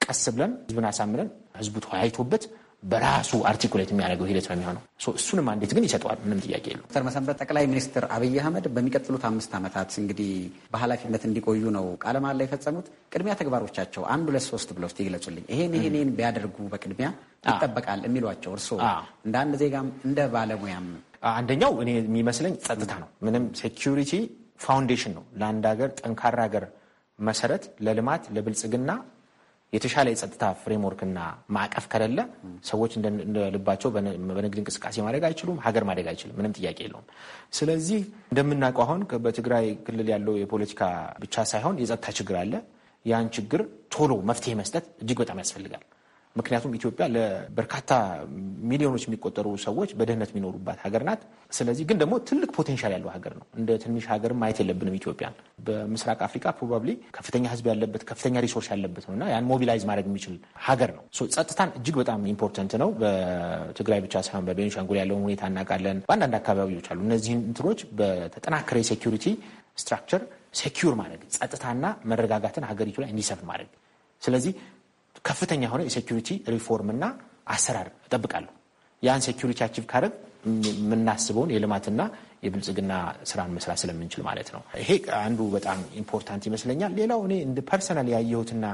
ቀስ ብለን ህዝብን አሳምረን ህዝቡ ተወያይቶበት በራሱ አርቲኩሌት የሚያደርገው ሂደት ነው የሚሆነው። እሱንም አንዴት ግን ይሰጠዋል። ምንም ጥያቄ የለም። ዶክተር መሰንበት ጠቅላይ ሚኒስትር አብይ አህመድ በሚቀጥሉት አምስት ዓመታት እንግዲህ በኃላፊነት እንዲቆዩ ነው ቃለ መሃላ የፈጸሙት። ቅድሚያ ተግባሮቻቸው አንድ ሁለት ሶስት ብለው እስኪ ይግለጹልኝ። ይሄን ይሄን ቢያደርጉ በቅድሚያ ይጠበቃል የሚሏቸው እርስዎ እንደ አንድ ዜጋም እንደ ባለሙያም አንደኛው እኔ የሚመስለኝ ጸጥታ ነው። ምንም ሴኪሪቲ ፋውንዴሽን ነው ለአንድ ሀገር ጠንካራ ሀገር መሰረት ለልማት ለብልጽግና የተሻለ የጸጥታ ፍሬምወርክና ማዕቀፍ ከሌለ ሰዎች እንደልባቸው በንግድ እንቅስቃሴ ማድረግ አይችሉም፣ ሀገር ማደግ አይችልም። ምንም ጥያቄ የለውም። ስለዚህ እንደምናውቀው አሁን በትግራይ ክልል ያለው የፖለቲካ ብቻ ሳይሆን የጸጥታ ችግር አለ። ያን ችግር ቶሎ መፍትሄ መስጠት እጅግ በጣም ያስፈልጋል። ምክንያቱም ኢትዮጵያ ለበርካታ ሚሊዮኖች የሚቆጠሩ ሰዎች በደህንነት የሚኖሩባት ሀገር ናት። ስለዚህ ግን ደግሞ ትልቅ ፖቴንሻል ያለው ሀገር ነው። እንደ ትንሽ ሀገር ማየት የለብንም ኢትዮጵያን። በምስራቅ አፍሪካ ፕሮባብሊ ከፍተኛ ሕዝብ ያለበት ከፍተኛ ሪሶርስ ያለበት ነው እና ያን ሞቢላይዝ ማድረግ የሚችል ሀገር ነው። ጸጥታን እጅግ በጣም ኢምፖርተንት ነው። በትግራይ ብቻ ሳይሆን በቤንሻንጉል ያለውን ሁኔታ እናውቃለን። በአንዳንድ አካባቢዎች አሉ። እነዚህን እንትኖች በተጠናከረ የሴኪሪቲ ስትራክቸር ሴኪር ማድረግ ጸጥታና መረጋጋትን ሀገሪቱ ላይ እንዲሰፍን ማድረግ ስለዚህ ከፍተኛ የሆነ የሴኪሪቲ ሪፎርምና አሰራር እጠብቃለሁ። ያን ሴኪሪቲ አቺቭ ካረግ የምናስበውን የልማትና የብልጽግና ስራን መስራት ስለምንችል ማለት ነው። ይሄ አንዱ በጣም ኢምፖርታንት ይመስለኛል። ሌላው እኔ እንደ ፐርሰናል ያየሁትና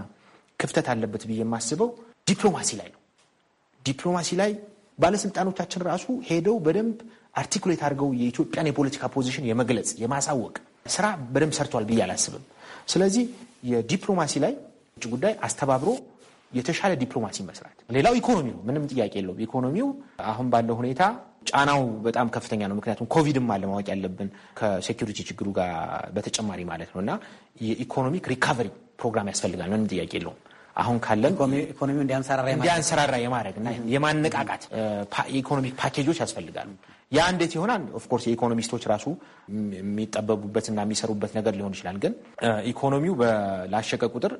ክፍተት አለበት ብዬ የማስበው ዲፕሎማሲ ላይ ነው። ዲፕሎማሲ ላይ ባለስልጣኖቻችን ራሱ ሄደው በደንብ አርቲኩሌት አድርገው የኢትዮጵያን የፖለቲካ ፖዚሽን የመግለጽ የማሳወቅ ስራ በደንብ ሰርቷል ብዬ አላስብም። ስለዚህ የዲፕሎማሲ ላይ ውጭ ጉዳይ አስተባብሮ የተሻለ ዲፕሎማሲ መስራት። ሌላው ኢኮኖሚ ነው። ምንም ጥያቄ የለውም። ኢኮኖሚው አሁን ባለው ሁኔታ ጫናው በጣም ከፍተኛ ነው። ምክንያቱም ኮቪድም አለ ማወቅ ያለብን ከሴኪሪቲ ችግሩ ጋር በተጨማሪ ማለት ነው እና የኢኮኖሚክ ሪካቨሪ ፕሮግራም ያስፈልጋል። ምንም ጥያቄ የለውም። አሁን ካለን ኢኮኖሚው እንዲያንሰራራ የማድረግ እና የማነቃቃት የኢኮኖሚክ ፓኬጆች ያስፈልጋሉ። ያ እንዴት ይሆናል? ኦፍኮርስ የኢኮኖሚስቶች ራሱ የሚጠበቡበትና የሚሰሩበት ነገር ሊሆን ይችላል። ግን ኢኮኖሚው በላሸቀ ቁጥር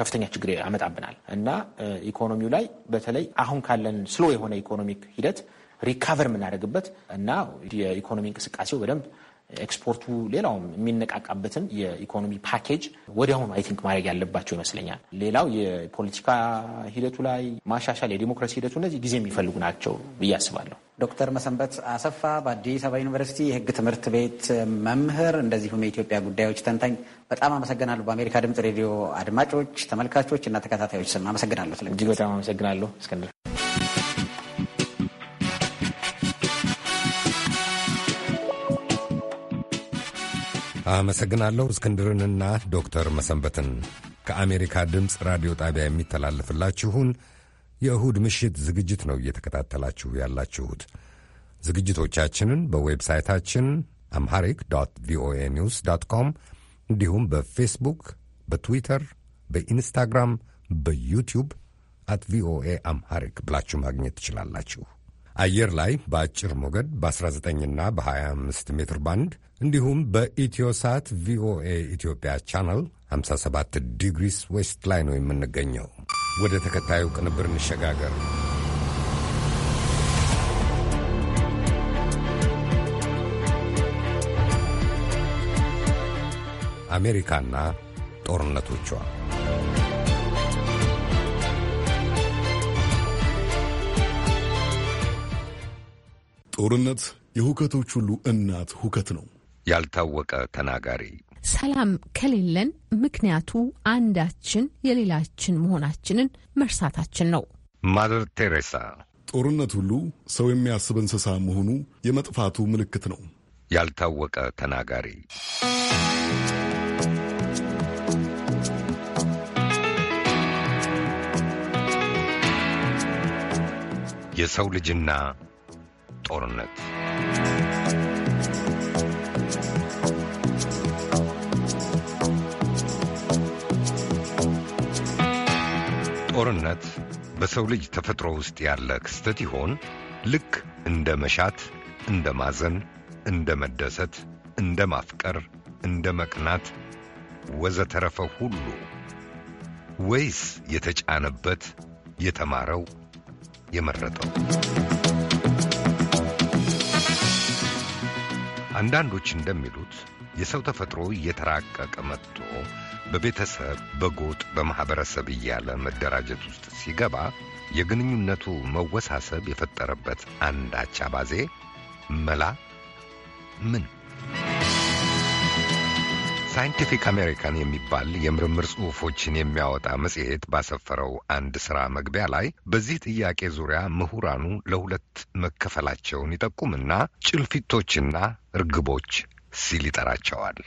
ከፍተኛ ችግር ያመጣብናል እና ኢኮኖሚው ላይ በተለይ አሁን ካለን ስሎ የሆነ ኢኮኖሚክ ሂደት ሪካቨር የምናደርግበት እና የኢኮኖሚ እንቅስቃሴው በደንብ ኤክስፖርቱ ሌላውም የሚነቃቃበትን የኢኮኖሚ ፓኬጅ ወዲያውኑ አይ ቲንክ ማድረግ ያለባቸው ይመስለኛል። ሌላው የፖለቲካ ሂደቱ ላይ ማሻሻል፣ የዲሞክራሲ ሂደቱ እነዚህ ጊዜ የሚፈልጉ ናቸው ብዬ አስባለሁ። ዶክተር መሰንበት አሰፋ በአዲስ አበባ ዩኒቨርሲቲ የህግ ትምህርት ቤት መምህር እንደዚሁም የኢትዮጵያ ጉዳዮች ተንታኝ በጣም አመሰግናለሁ። በአሜሪካ ድምጽ ሬዲዮ አድማጮች፣ ተመልካቾች እና ተከታታዮች ስም አመሰግናለሁ። እጅግ በጣም አመሰግናለሁ እስክንድር። አመሰግናለሁ እስክንድርንና ዶክተር መሰንበትን ከአሜሪካ ድምፅ ራዲዮ ጣቢያ የሚተላለፍላችሁን የእሁድ ምሽት ዝግጅት ነው እየተከታተላችሁ ያላችሁት። ዝግጅቶቻችንን በዌብሳይታችን አምሃሪክ ዶት ቪኦኤ ኒውስ ዶት ኮም እንዲሁም በፌስቡክ፣ በትዊተር፣ በኢንስታግራም፣ በዩቲዩብ አት ቪኦኤ አምሃሪክ ብላችሁ ማግኘት ትችላላችሁ። አየር ላይ በአጭር ሞገድ በ19ና በ25 ሜትር ባንድ እንዲሁም በኢትዮሳት ቪኦኤ ኢትዮጵያ ቻናል 57 ዲግሪስ ዌስት ላይ ነው የምንገኘው። ወደ ተከታዩ ቅንብር እንሸጋገር። አሜሪካና ጦርነቶቿ ጦርነት የሁከቶች ሁሉ እናት ሁከት ነው። ያልታወቀ ተናጋሪ። ሰላም ከሌለን ምክንያቱ አንዳችን የሌላችን መሆናችንን መርሳታችን ነው። ማደር ቴሬሳ ጦርነት ሁሉ ሰው የሚያስብ እንስሳ መሆኑ የመጥፋቱ ምልክት ነው። ያልታወቀ ተናጋሪ የሰው ልጅና ጦርነት ጦርነት በሰው ልጅ ተፈጥሮ ውስጥ ያለ ክስተት ይሆን? ልክ እንደ መሻት፣ እንደ ማዘን፣ እንደ መደሰት፣ እንደ ማፍቀር፣ እንደ መቅናት ወዘተረፈ ሁሉ ወይስ የተጫነበት የተማረው የመረጠው? አንዳንዶች እንደሚሉት የሰው ተፈጥሮ እየተራቀቀ መጥቶ በቤተሰብ በጎጥ በማኅበረሰብ እያለ መደራጀት ውስጥ ሲገባ የግንኙነቱ መወሳሰብ የፈጠረበት አንዳች አባዜ መላ ምን? ሳይንቲፊክ አሜሪካን የሚባል የምርምር ጽሑፎችን የሚያወጣ መጽሔት ባሰፈረው አንድ ሥራ መግቢያ ላይ በዚህ ጥያቄ ዙሪያ ምሁራኑ ለሁለት መከፈላቸውን ይጠቁምና ጭልፊቶችና እርግቦች ሲል ይጠራቸዋል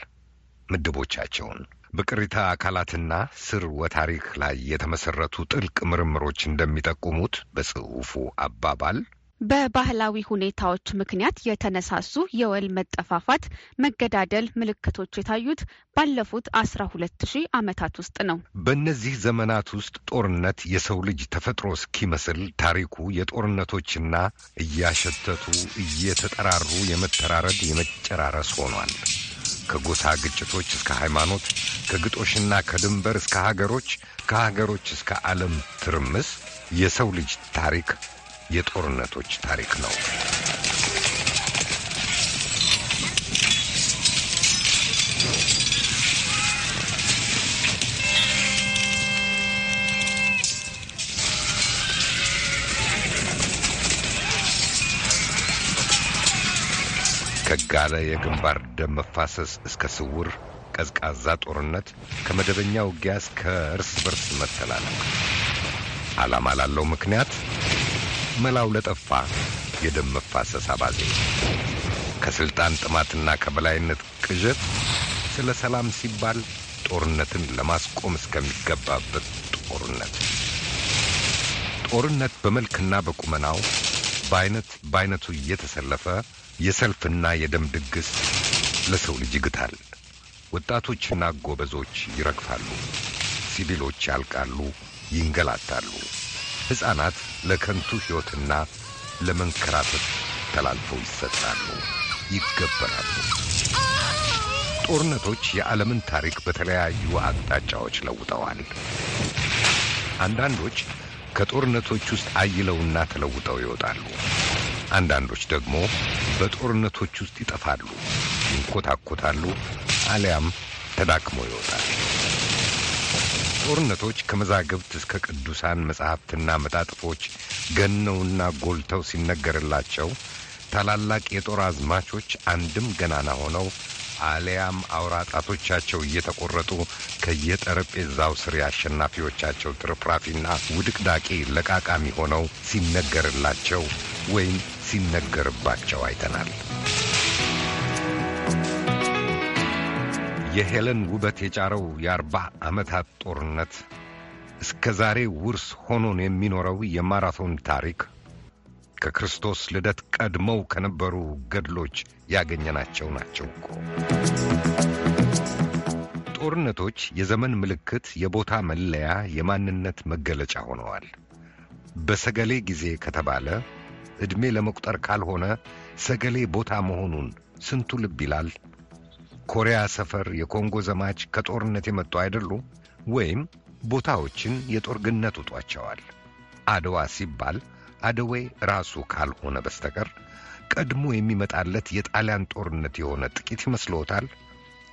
ምድቦቻቸውን። በቅሪታ አካላትና ስር ወታሪክ ላይ የተመሰረቱ ጥልቅ ምርምሮች እንደሚጠቁሙት በጽሑፉ አባባል በባህላዊ ሁኔታዎች ምክንያት የተነሳሱ የወል መጠፋፋት፣ መገዳደል ምልክቶች የታዩት ባለፉት አስራ ሁለት ሺህ ዓመታት ውስጥ ነው። በእነዚህ ዘመናት ውስጥ ጦርነት የሰው ልጅ ተፈጥሮ እስኪመስል ታሪኩ የጦርነቶችና እያሸተቱ እየተጠራሩ የመተራረድ የመጨራረስ ሆኗል። ከጎሳ ግጭቶች እስከ ሃይማኖት፣ ከግጦሽና ከድንበር እስከ ሀገሮች፣ ከሀገሮች እስከ ዓለም ትርምስ የሰው ልጅ ታሪክ የጦርነቶች ታሪክ ነው። ከጋለ የግንባር ደም መፋሰስ እስከ ስውር ቀዝቃዛ ጦርነት ከመደበኛ ውጊያ እስከ እርስ በርስ መተላለቅ ዓላማ ላለው ምክንያት መላው ለጠፋ የደም መፋሰስ አባዜ ከሥልጣን ጥማትና ከበላይነት ቅዠት ስለ ሰላም ሲባል ጦርነትን ለማስቆም እስከሚገባበት ጦርነት ጦርነት በመልክና በቁመናው በአይነት በአይነቱ እየተሰለፈ የሰልፍና የደም ድግስ ለሰው ልጅ ይግታል። ወጣቶችና ጎበዞች ይረግፋሉ፣ ሲቪሎች ያልቃሉ፣ ይንገላታሉ። ሕፃናት ለከንቱ ሕይወትና ለመንከራተት ተላልፈው ይሰጣሉ፣ ይገበራሉ። ጦርነቶች የዓለምን ታሪክ በተለያዩ አቅጣጫዎች ለውጠዋል። አንዳንዶች ከጦርነቶች ውስጥ አይለውና ተለውጠው ይወጣሉ። አንዳንዶች ደግሞ በጦርነቶች ውስጥ ይጠፋሉ፣ ይንኮታኮታሉ፣ አሊያም ተዳክመው ይወጣል። ጦርነቶች ከመዛግብት እስከ ቅዱሳን መጻሕፍትና መጣጥፎች ገነውና ጎልተው ሲነገርላቸው ታላላቅ የጦር አዝማቾች አንድም ገናና ሆነው አሊያም አውራ ጣቶቻቸው እየተቆረጡ ከየጠረጴዛው ስር የአሸናፊዎቻቸው ትርፍራፊና ውድቅዳቂ ለቃቃሚ ሆነው ሲነገርላቸው ወይም ሲነገርባቸው አይተናል። የሄለን ውበት የጫረው የአርባ ዓመታት ጦርነት እስከ ዛሬ ውርስ ሆኖን የሚኖረው የማራቶን ታሪክ ከክርስቶስ ልደት ቀድመው ከነበሩ ገድሎች ያገኘናቸው ናቸው እኮ። ጦርነቶች የዘመን ምልክት፣ የቦታ መለያ፣ የማንነት መገለጫ ሆነዋል። በሰገሌ ጊዜ ከተባለ ዕድሜ ለመቁጠር ካልሆነ ሰገሌ ቦታ መሆኑን ስንቱ ልብ ይላል። ኮሪያ ሰፈር የኮንጎ ዘማች ከጦርነት የመጡ አይደሉም ወይም ቦታዎችን የጦር ግነት ውጧቸዋል። አድዋ ሲባል አደዌ ራሱ ካልሆነ በስተቀር ቀድሞ የሚመጣለት የጣሊያን ጦርነት የሆነ ጥቂት ይመስልዎታል?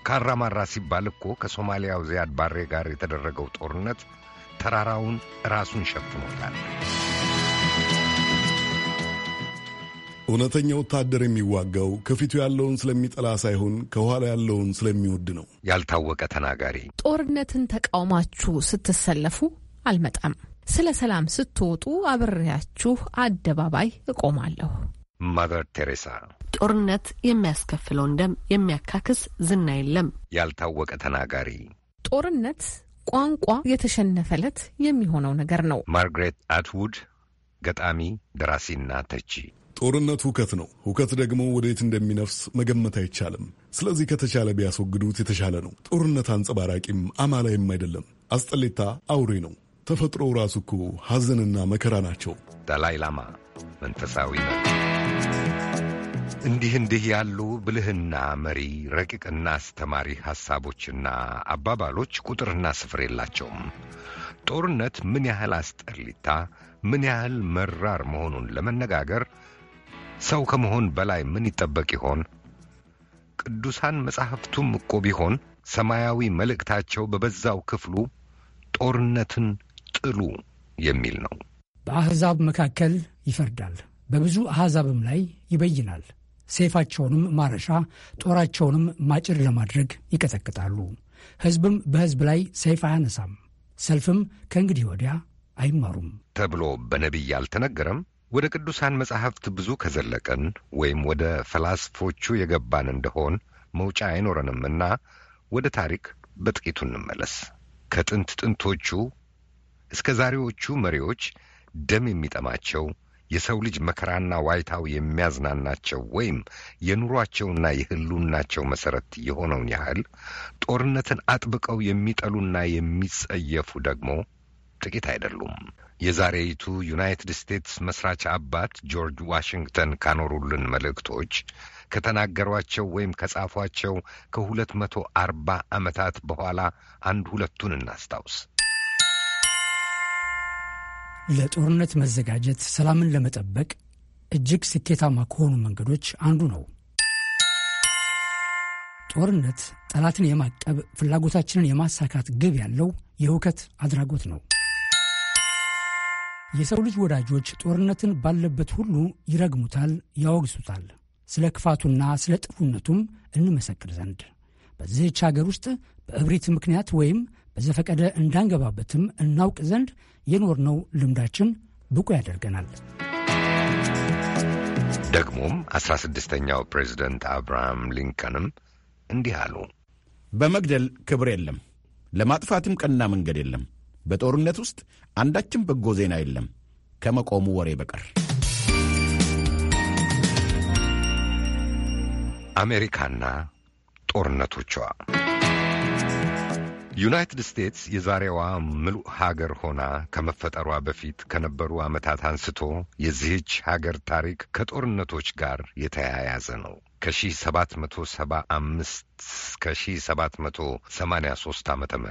ካራማራ ሲባል እኮ ከሶማሊያው ዚያድ ባሬ ጋር የተደረገው ጦርነት ተራራውን ራሱን ሸፍኖታል። እውነተኛ ወታደር የሚዋጋው ከፊቱ ያለውን ስለሚጠላ ሳይሆን ከኋላ ያለውን ስለሚወድ ነው። ያልታወቀ ተናጋሪ ጦርነትን ተቃውማችሁ ስትሰለፉ አልመጣም ስለ ሰላም ስትወጡ አብሬያችሁ አደባባይ እቆማለሁ። ማደር ቴሬሳ ጦርነት የሚያስከፍለውን ደም የሚያካክስ ዝና የለም። ያልታወቀ ተናጋሪ ጦርነት ቋንቋ የተሸነፈለት የሚሆነው ነገር ነው። ማርግሬት አትውድ ገጣሚ ደራሲና ተቺ ጦርነት ሁከት ነው። ሁከት ደግሞ ወዴት እንደሚነፍስ መገመት አይቻልም። ስለዚህ ከተቻለ ቢያስወግዱት የተሻለ ነው። ጦርነት አንጸባራቂም አማላይም አይደለም። አስጠሌታ አውሬ ነው። ተፈጥሮ ራሱ እኮ ሐዘንና መከራ ናቸው። ዳላይ ላማ መንፈሳዊ ነው። እንዲህ እንዲህ ያሉ ብልህና መሪ ረቂቅና አስተማሪ ሐሳቦችና አባባሎች ቁጥርና ስፍር የላቸውም። ጦርነት ምን ያህል አስጠሊታ፣ ምን ያህል መራር መሆኑን ለመነጋገር ሰው ከመሆን በላይ ምን ይጠበቅ ይሆን? ቅዱሳን መጻሕፍቱም እኮ ቢሆን ሰማያዊ መልእክታቸው በበዛው ክፍሉ ጦርነትን ጥሉ የሚል ነው። በአሕዛብ መካከል ይፈርዳል፣ በብዙ አሕዛብም ላይ ይበይናል። ሰይፋቸውንም ማረሻ ጦራቸውንም ማጭድ ለማድረግ ይቀጠቅጣሉ። ሕዝብም በሕዝብ ላይ ሰይፍ አያነሳም፣ ሰልፍም ከእንግዲህ ወዲያ አይማሩም ተብሎ በነቢይ አልተነገረም። ወደ ቅዱሳን መጻሕፍት ብዙ ከዘለቀን ወይም ወደ ፈላስፎቹ የገባን እንደሆን መውጫ አይኖረንምና ወደ ታሪክ በጥቂቱ እንመለስ። ከጥንት ጥንቶቹ እስከ ዛሬዎቹ መሪዎች ደም የሚጠማቸው የሰው ልጅ መከራና ዋይታው የሚያዝናናቸው ወይም የኑሯቸውና የህሉናቸው መሰረት የሆነውን ያህል ጦርነትን አጥብቀው የሚጠሉና የሚጸየፉ ደግሞ ጥቂት አይደሉም። የዛሬይቱ ዩናይትድ ስቴትስ መስራች አባት ጆርጅ ዋሽንግተን ካኖሩልን መልእክቶች ከተናገሯቸው ወይም ከጻፏቸው ከሁለት መቶ አርባ ዓመታት በኋላ አንድ ሁለቱን እናስታውስ። ለጦርነት መዘጋጀት ሰላምን ለመጠበቅ እጅግ ስኬታማ ከሆኑ መንገዶች አንዱ ነው። ጦርነት ጠላትን የማቀብ ፍላጎታችንን የማሳካት ግብ ያለው የእውከት አድራጎት ነው። የሰው ልጅ ወዳጆች ጦርነትን ባለበት ሁሉ ይረግሙታል፣ ያወግዙታል። ስለ ክፋቱና ስለ ጥፉነቱም እንመሰክር ዘንድ በዚህች አገር ውስጥ በእብሪት ምክንያት ወይም በዘፈቀደ እንዳንገባበትም እናውቅ ዘንድ የኖርነው ልምዳችን ብቁ ያደርገናል። ደግሞም አስራ ስድስተኛው ፕሬዚደንት አብርሃም ሊንከንም እንዲህ አሉ። በመግደል ክብር የለም፣ ለማጥፋትም ቀና መንገድ የለም። በጦርነት ውስጥ አንዳችም በጎ ዜና የለም ከመቆሙ ወሬ በቀር። አሜሪካና ጦርነቶቿ ዩናይትድ ስቴትስ የዛሬዋ ምሉእ ሀገር ሆና ከመፈጠሯ በፊት ከነበሩ ዓመታት አንስቶ የዚህች ሀገር ታሪክ ከጦርነቶች ጋር የተያያዘ ነው። ከ1775 እስከ 1783 ዓ ም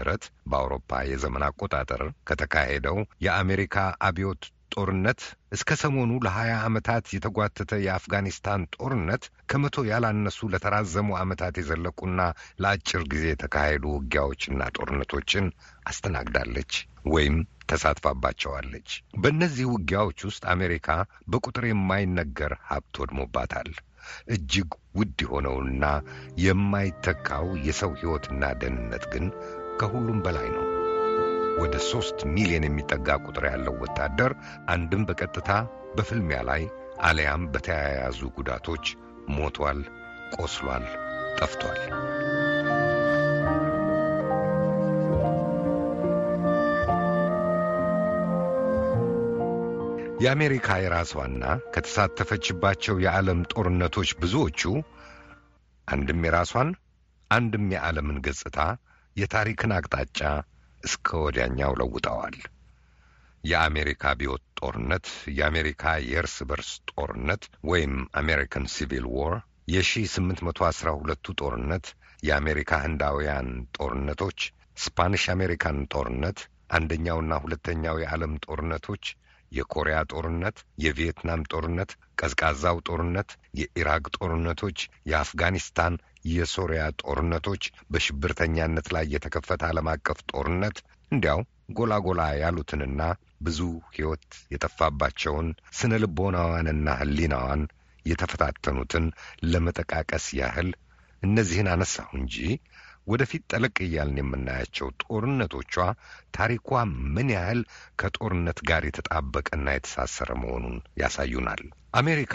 በአውሮፓ የዘመን አቆጣጠር ከተካሄደው የአሜሪካ አብዮት ጦርነት እስከ ሰሞኑ ለሀያ ዓመታት የተጓተተ የአፍጋኒስታን ጦርነት ከመቶ ያላነሱ ለተራዘሙ ዓመታት የዘለቁና ለአጭር ጊዜ የተካሄዱ ውጊያዎችና ጦርነቶችን አስተናግዳለች ወይም ተሳትፋባቸዋለች። በእነዚህ ውጊያዎች ውስጥ አሜሪካ በቁጥር የማይነገር ሀብት ወድሞባታል። እጅግ ውድ የሆነውና የማይተካው የሰው ሕይወትና ደህንነት ግን ከሁሉም በላይ ነው። ወደ ሦስት ሚሊዮን የሚጠጋ ቁጥር ያለው ወታደር አንድም በቀጥታ በፍልሚያ ላይ አለያም በተያያዙ ጉዳቶች ሞቷል፣ ቆስሏል፣ ጠፍቷል። የአሜሪካ የራሷና ከተሳተፈችባቸው የዓለም ጦርነቶች ብዙዎቹ አንድም የራሷን አንድም የዓለምን ገጽታ የታሪክን አቅጣጫ እስከ ወዲያኛው ለውጠዋል። የአሜሪካ ቢዮት ጦርነት፣ የአሜሪካ የእርስ በርስ ጦርነት ወይም አሜሪካን ሲቪል ዎር፣ የ1812ቱ ጦርነት፣ የአሜሪካ ህንዳውያን ጦርነቶች፣ ስፓኒሽ አሜሪካን ጦርነት፣ አንደኛውና ሁለተኛው የዓለም ጦርነቶች፣ የኮሪያ ጦርነት፣ የቪየትናም ጦርነት፣ ቀዝቃዛው ጦርነት፣ የኢራቅ ጦርነቶች፣ የአፍጋኒስታን፣ የሶሪያ ጦርነቶች፣ በሽብርተኛነት ላይ የተከፈተ ዓለም አቀፍ ጦርነት እንዲያው ጎላ ጎላ ያሉትንና ብዙ ሕይወት የጠፋባቸውን ስነ ልቦናዋንና ሕሊናዋን የተፈታተኑትን ለመጠቃቀስ ያህል እነዚህን አነሳሁ እንጂ ወደፊት ጠለቅ እያልን የምናያቸው ጦርነቶቿ ታሪኳ ምን ያህል ከጦርነት ጋር የተጣበቀና የተሳሰረ መሆኑን ያሳዩናል። አሜሪካ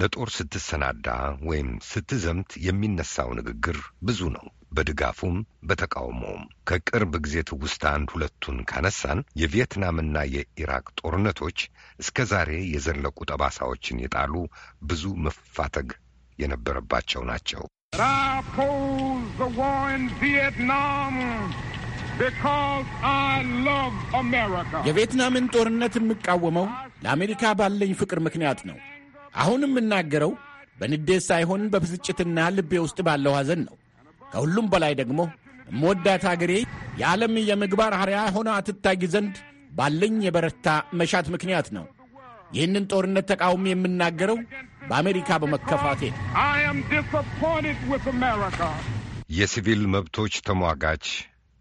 ለጦር ስትሰናዳ ወይም ስትዘምት የሚነሳው ንግግር ብዙ ነው። በድጋፉም በተቃውሞውም ከቅርብ ጊዜ ትውስታ አንድ ሁለቱን ካነሳን የቪየትናምና የኢራቅ ጦርነቶች እስከ ዛሬ የዘለቁ ጠባሳዎችን የጣሉ ብዙ መፋተግ የነበረባቸው ናቸው። የቪየትናምን ጦርነት የምቃወመው ለአሜሪካ ባለኝ ፍቅር ምክንያት ነው። አሁን የምናገረው በንዴት ሳይሆን በብስጭትና ልቤ ውስጥ ባለው ሐዘን ነው። ከሁሉም በላይ ደግሞ እምወዳት አገሬ የዓለም የምግባር አርያ ሆና ትታይ ዘንድ ባለኝ የበረታ መሻት ምክንያት ነው። ይህንን ጦርነት ተቃውሞ የምናገረው በአሜሪካ በመከፋቴ የሲቪል መብቶች ተሟጋች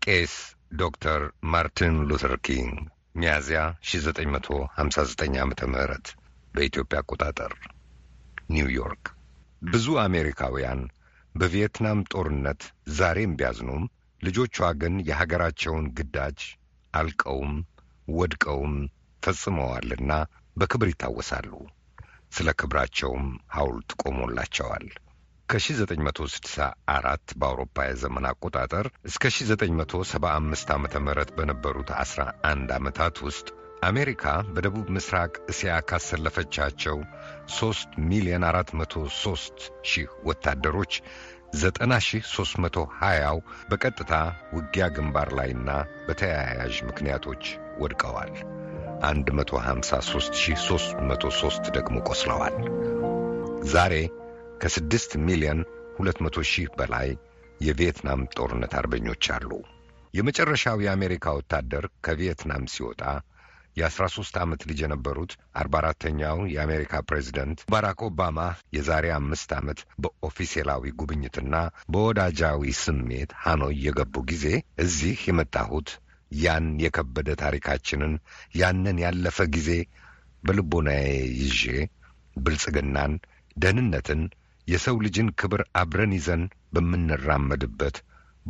ቄስ ዶክተር ማርቲን ሉተር ኪንግ ሚያዝያ 1959 ዓ ም በኢትዮጵያ አቆጣጠር ኒውዮርክ። ብዙ አሜሪካውያን በቪየትናም ጦርነት ዛሬም ቢያዝኑም ልጆቿ ግን የሀገራቸውን ግዳጅ አልቀውም ወድቀውም ፈጽመዋልና በክብር ይታወሳሉ። ስለ ክብራቸውም ሐውልት ቆሞላቸዋል። ከ1964 በአውሮፓ የዘመን አቆጣጠር እስከ 1975 ዓ ም በነበሩት 11 ዓመታት ውስጥ አሜሪካ በደቡብ ምስራቅ እስያ ካሰለፈቻቸው 3 ሚሊዮን 403 ሺህ ወታደሮች 9320 ው በቀጥታ ውጊያ ግንባር ላይና በተያያዥ ምክንያቶች ወድቀዋል። 153303 ደግሞ ቆስለዋል። ዛሬ ከ6 ሚሊዮን 200 ሺህ በላይ የቪየትናም ጦርነት አርበኞች አሉ። የመጨረሻው የአሜሪካ ወታደር ከቪየትናም ሲወጣ የ13 ዓመት ልጅ የነበሩት 44ተኛው የአሜሪካ ፕሬዚደንት ባራክ ኦባማ የዛሬ አምስት ዓመት በኦፊሴላዊ ጉብኝትና በወዳጃዊ ስሜት ሃኖይ የገቡ ጊዜ እዚህ የመጣሁት ያን የከበደ ታሪካችንን ያንን ያለፈ ጊዜ በልቦናዬ ይዤ ብልጽግናን፣ ደህንነትን፣ የሰው ልጅን ክብር አብረን ይዘን በምንራመድበት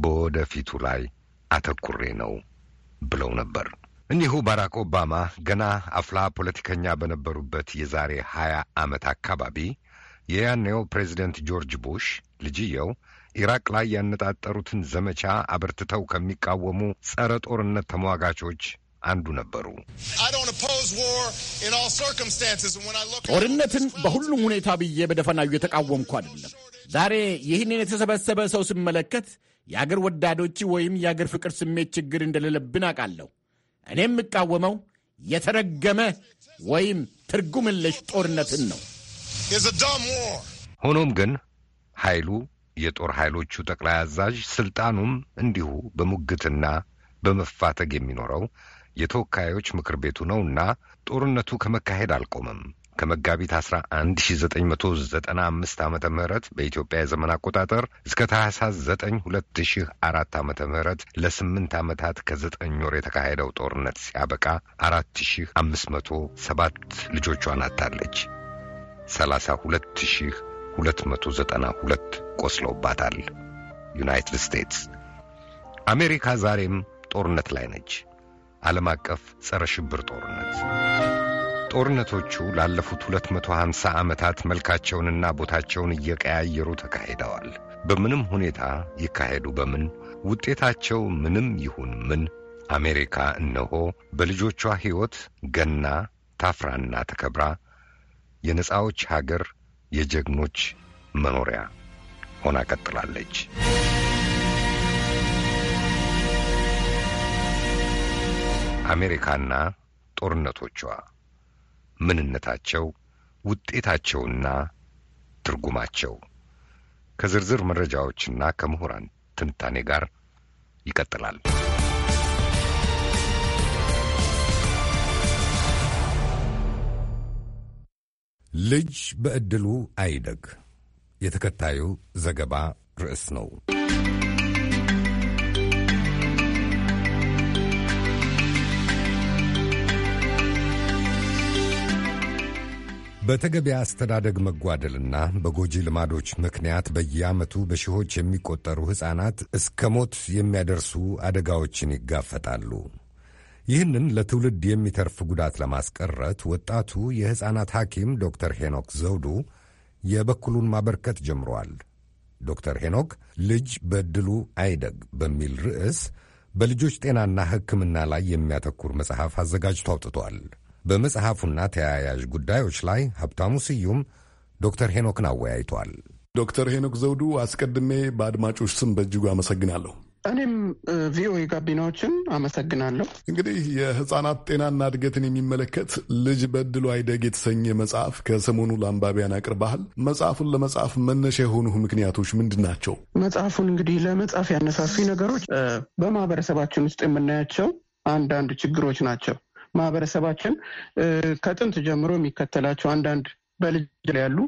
በወደፊቱ ላይ አተኩሬ ነው ብለው ነበር። እኒሁ ባራክ ኦባማ ገና አፍላ ፖለቲከኛ በነበሩበት የዛሬ ሀያ ዓመት አካባቢ የያኔው ፕሬዚደንት ጆርጅ ቡሽ ልጅየው ኢራቅ ላይ ያነጣጠሩትን ዘመቻ አበርትተው ከሚቃወሙ ጸረ ጦርነት ተሟጋቾች አንዱ ነበሩ። ጦርነትን በሁሉም ሁኔታ ብዬ በደፈናዩ የተቃወምኩ አይደለም። ዛሬ ይህንን የተሰበሰበ ሰው ስመለከት የአገር ወዳዶች ወይም የአገር ፍቅር ስሜት ችግር እንደሌለብን አውቃለሁ። እኔ የምቃወመው የተረገመ ወይም ትርጉም የለሽ ጦርነትን ነው። ሆኖም ግን ኃይሉ የጦር ኃይሎቹ ጠቅላይ አዛዥ ስልጣኑም እንዲሁ በሙግትና በመፋተግ የሚኖረው የተወካዮች ምክር ቤቱ ነውና ጦርነቱ ከመካሄድ አልቆመም። ከመጋቢት 11995 ዓ ም በኢትዮጵያ የዘመን አቆጣጠር እስከ ታህሳስ 9 2004 ዓ ም ለስምንት ዓመታት ከዘጠኝ ወር የተካሄደው ጦርነት ሲያበቃ 4507 ልጆቿን አታለች። 32292 ቆስለውባታል። ዩናይትድ ስቴትስ አሜሪካ ዛሬም ጦርነት ላይ ነች። ዓለም አቀፍ ጸረ ሽብር ጦርነት ጦርነቶቹ ላለፉት 250 ዓመታት መልካቸውንና ቦታቸውን እየቀያየሩ ተካሂደዋል። በምንም ሁኔታ ይካሄዱ በምን ውጤታቸው ምንም ይሁን ምን አሜሪካ እነሆ በልጆቿ ሕይወት ገና ታፍራና ተከብራ የነፃዎች ሀገር የጀግኖች መኖሪያ ሆና ቀጥላለች። አሜሪካና ጦርነቶቿ ምንነታቸው፣ ውጤታቸውና ትርጉማቸው ከዝርዝር መረጃዎችና ከምሁራን ትንታኔ ጋር ይቀጥላል። ልጅ በዕድሉ አይደግ የተከታዩ ዘገባ ርዕስ ነው። በተገቢ አስተዳደግ መጓደልና በጎጂ ልማዶች ምክንያት በየዓመቱ በሺዎች የሚቆጠሩ ሕፃናት እስከ ሞት የሚያደርሱ አደጋዎችን ይጋፈጣሉ። ይህንን ለትውልድ የሚተርፍ ጉዳት ለማስቀረት ወጣቱ የሕፃናት ሐኪም ዶክተር ሄኖክ ዘውዱ የበኩሉን ማበርከት ጀምሯል። ዶክተር ሄኖክ ልጅ በድሉ አይደግ በሚል ርዕስ በልጆች ጤናና ሕክምና ላይ የሚያተኩር መጽሐፍ አዘጋጅቶ አውጥቷል። በመጽሐፉና ተያያዥ ጉዳዮች ላይ ሀብታሙ ስዩም ዶክተር ሄኖክን አወያይቷል። ዶክተር ሄኖክ ዘውዱ አስቀድሜ በአድማጮች ስም በእጅጉ አመሰግናለሁ። እኔም ቪኦኤ ጋቢናዎችን አመሰግናለሁ። እንግዲህ የህጻናት ጤናና እድገትን የሚመለከት ልጅ በድሎ አይደግ የተሰኘ መጽሐፍ ከሰሞኑ ለአንባቢያን አቅርበሃል። መጽሐፉን ለመጻፍ መነሻ የሆኑ ምክንያቶች ምንድን ናቸው? መጽሐፉን እንግዲህ ለመጻፍ ያነሳሱ ነገሮች በማህበረሰባችን ውስጥ የምናያቸው አንዳንድ ችግሮች ናቸው። ማህበረሰባችን ከጥንት ጀምሮ የሚከተላቸው አንዳንድ በልጅ ላይ ያሉ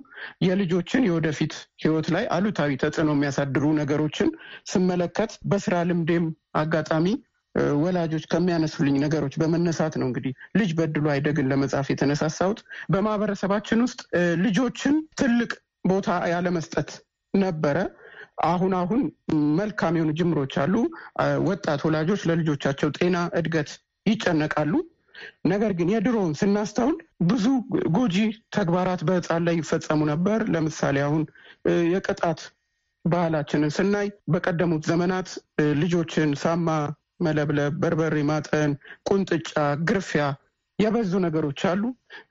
የልጆችን የወደፊት ህይወት ላይ አሉታዊ ተጽዕኖ የሚያሳድሩ ነገሮችን ስመለከት በስራ ልምዴም አጋጣሚ ወላጆች ከሚያነሱልኝ ነገሮች በመነሳት ነው እንግዲህ ልጅ በድሎ አይደግን ለመጻፍ የተነሳሳሁት። በማህበረሰባችን ውስጥ ልጆችን ትልቅ ቦታ ያለመስጠት ነበረ። አሁን አሁን መልካም የሆኑ ጅምሮች አሉ። ወጣት ወላጆች ለልጆቻቸው ጤና፣ እድገት ይጨነቃሉ። ነገር ግን የድሮውን ስናስተውል ብዙ ጎጂ ተግባራት በህፃን ላይ ይፈጸሙ ነበር። ለምሳሌ አሁን የቅጣት ባህላችንን ስናይ በቀደሙት ዘመናት ልጆችን ሳማ መለብለብ፣ በርበሬ ማጠን፣ ቁንጥጫ፣ ግርፊያ የበዙ ነገሮች አሉ።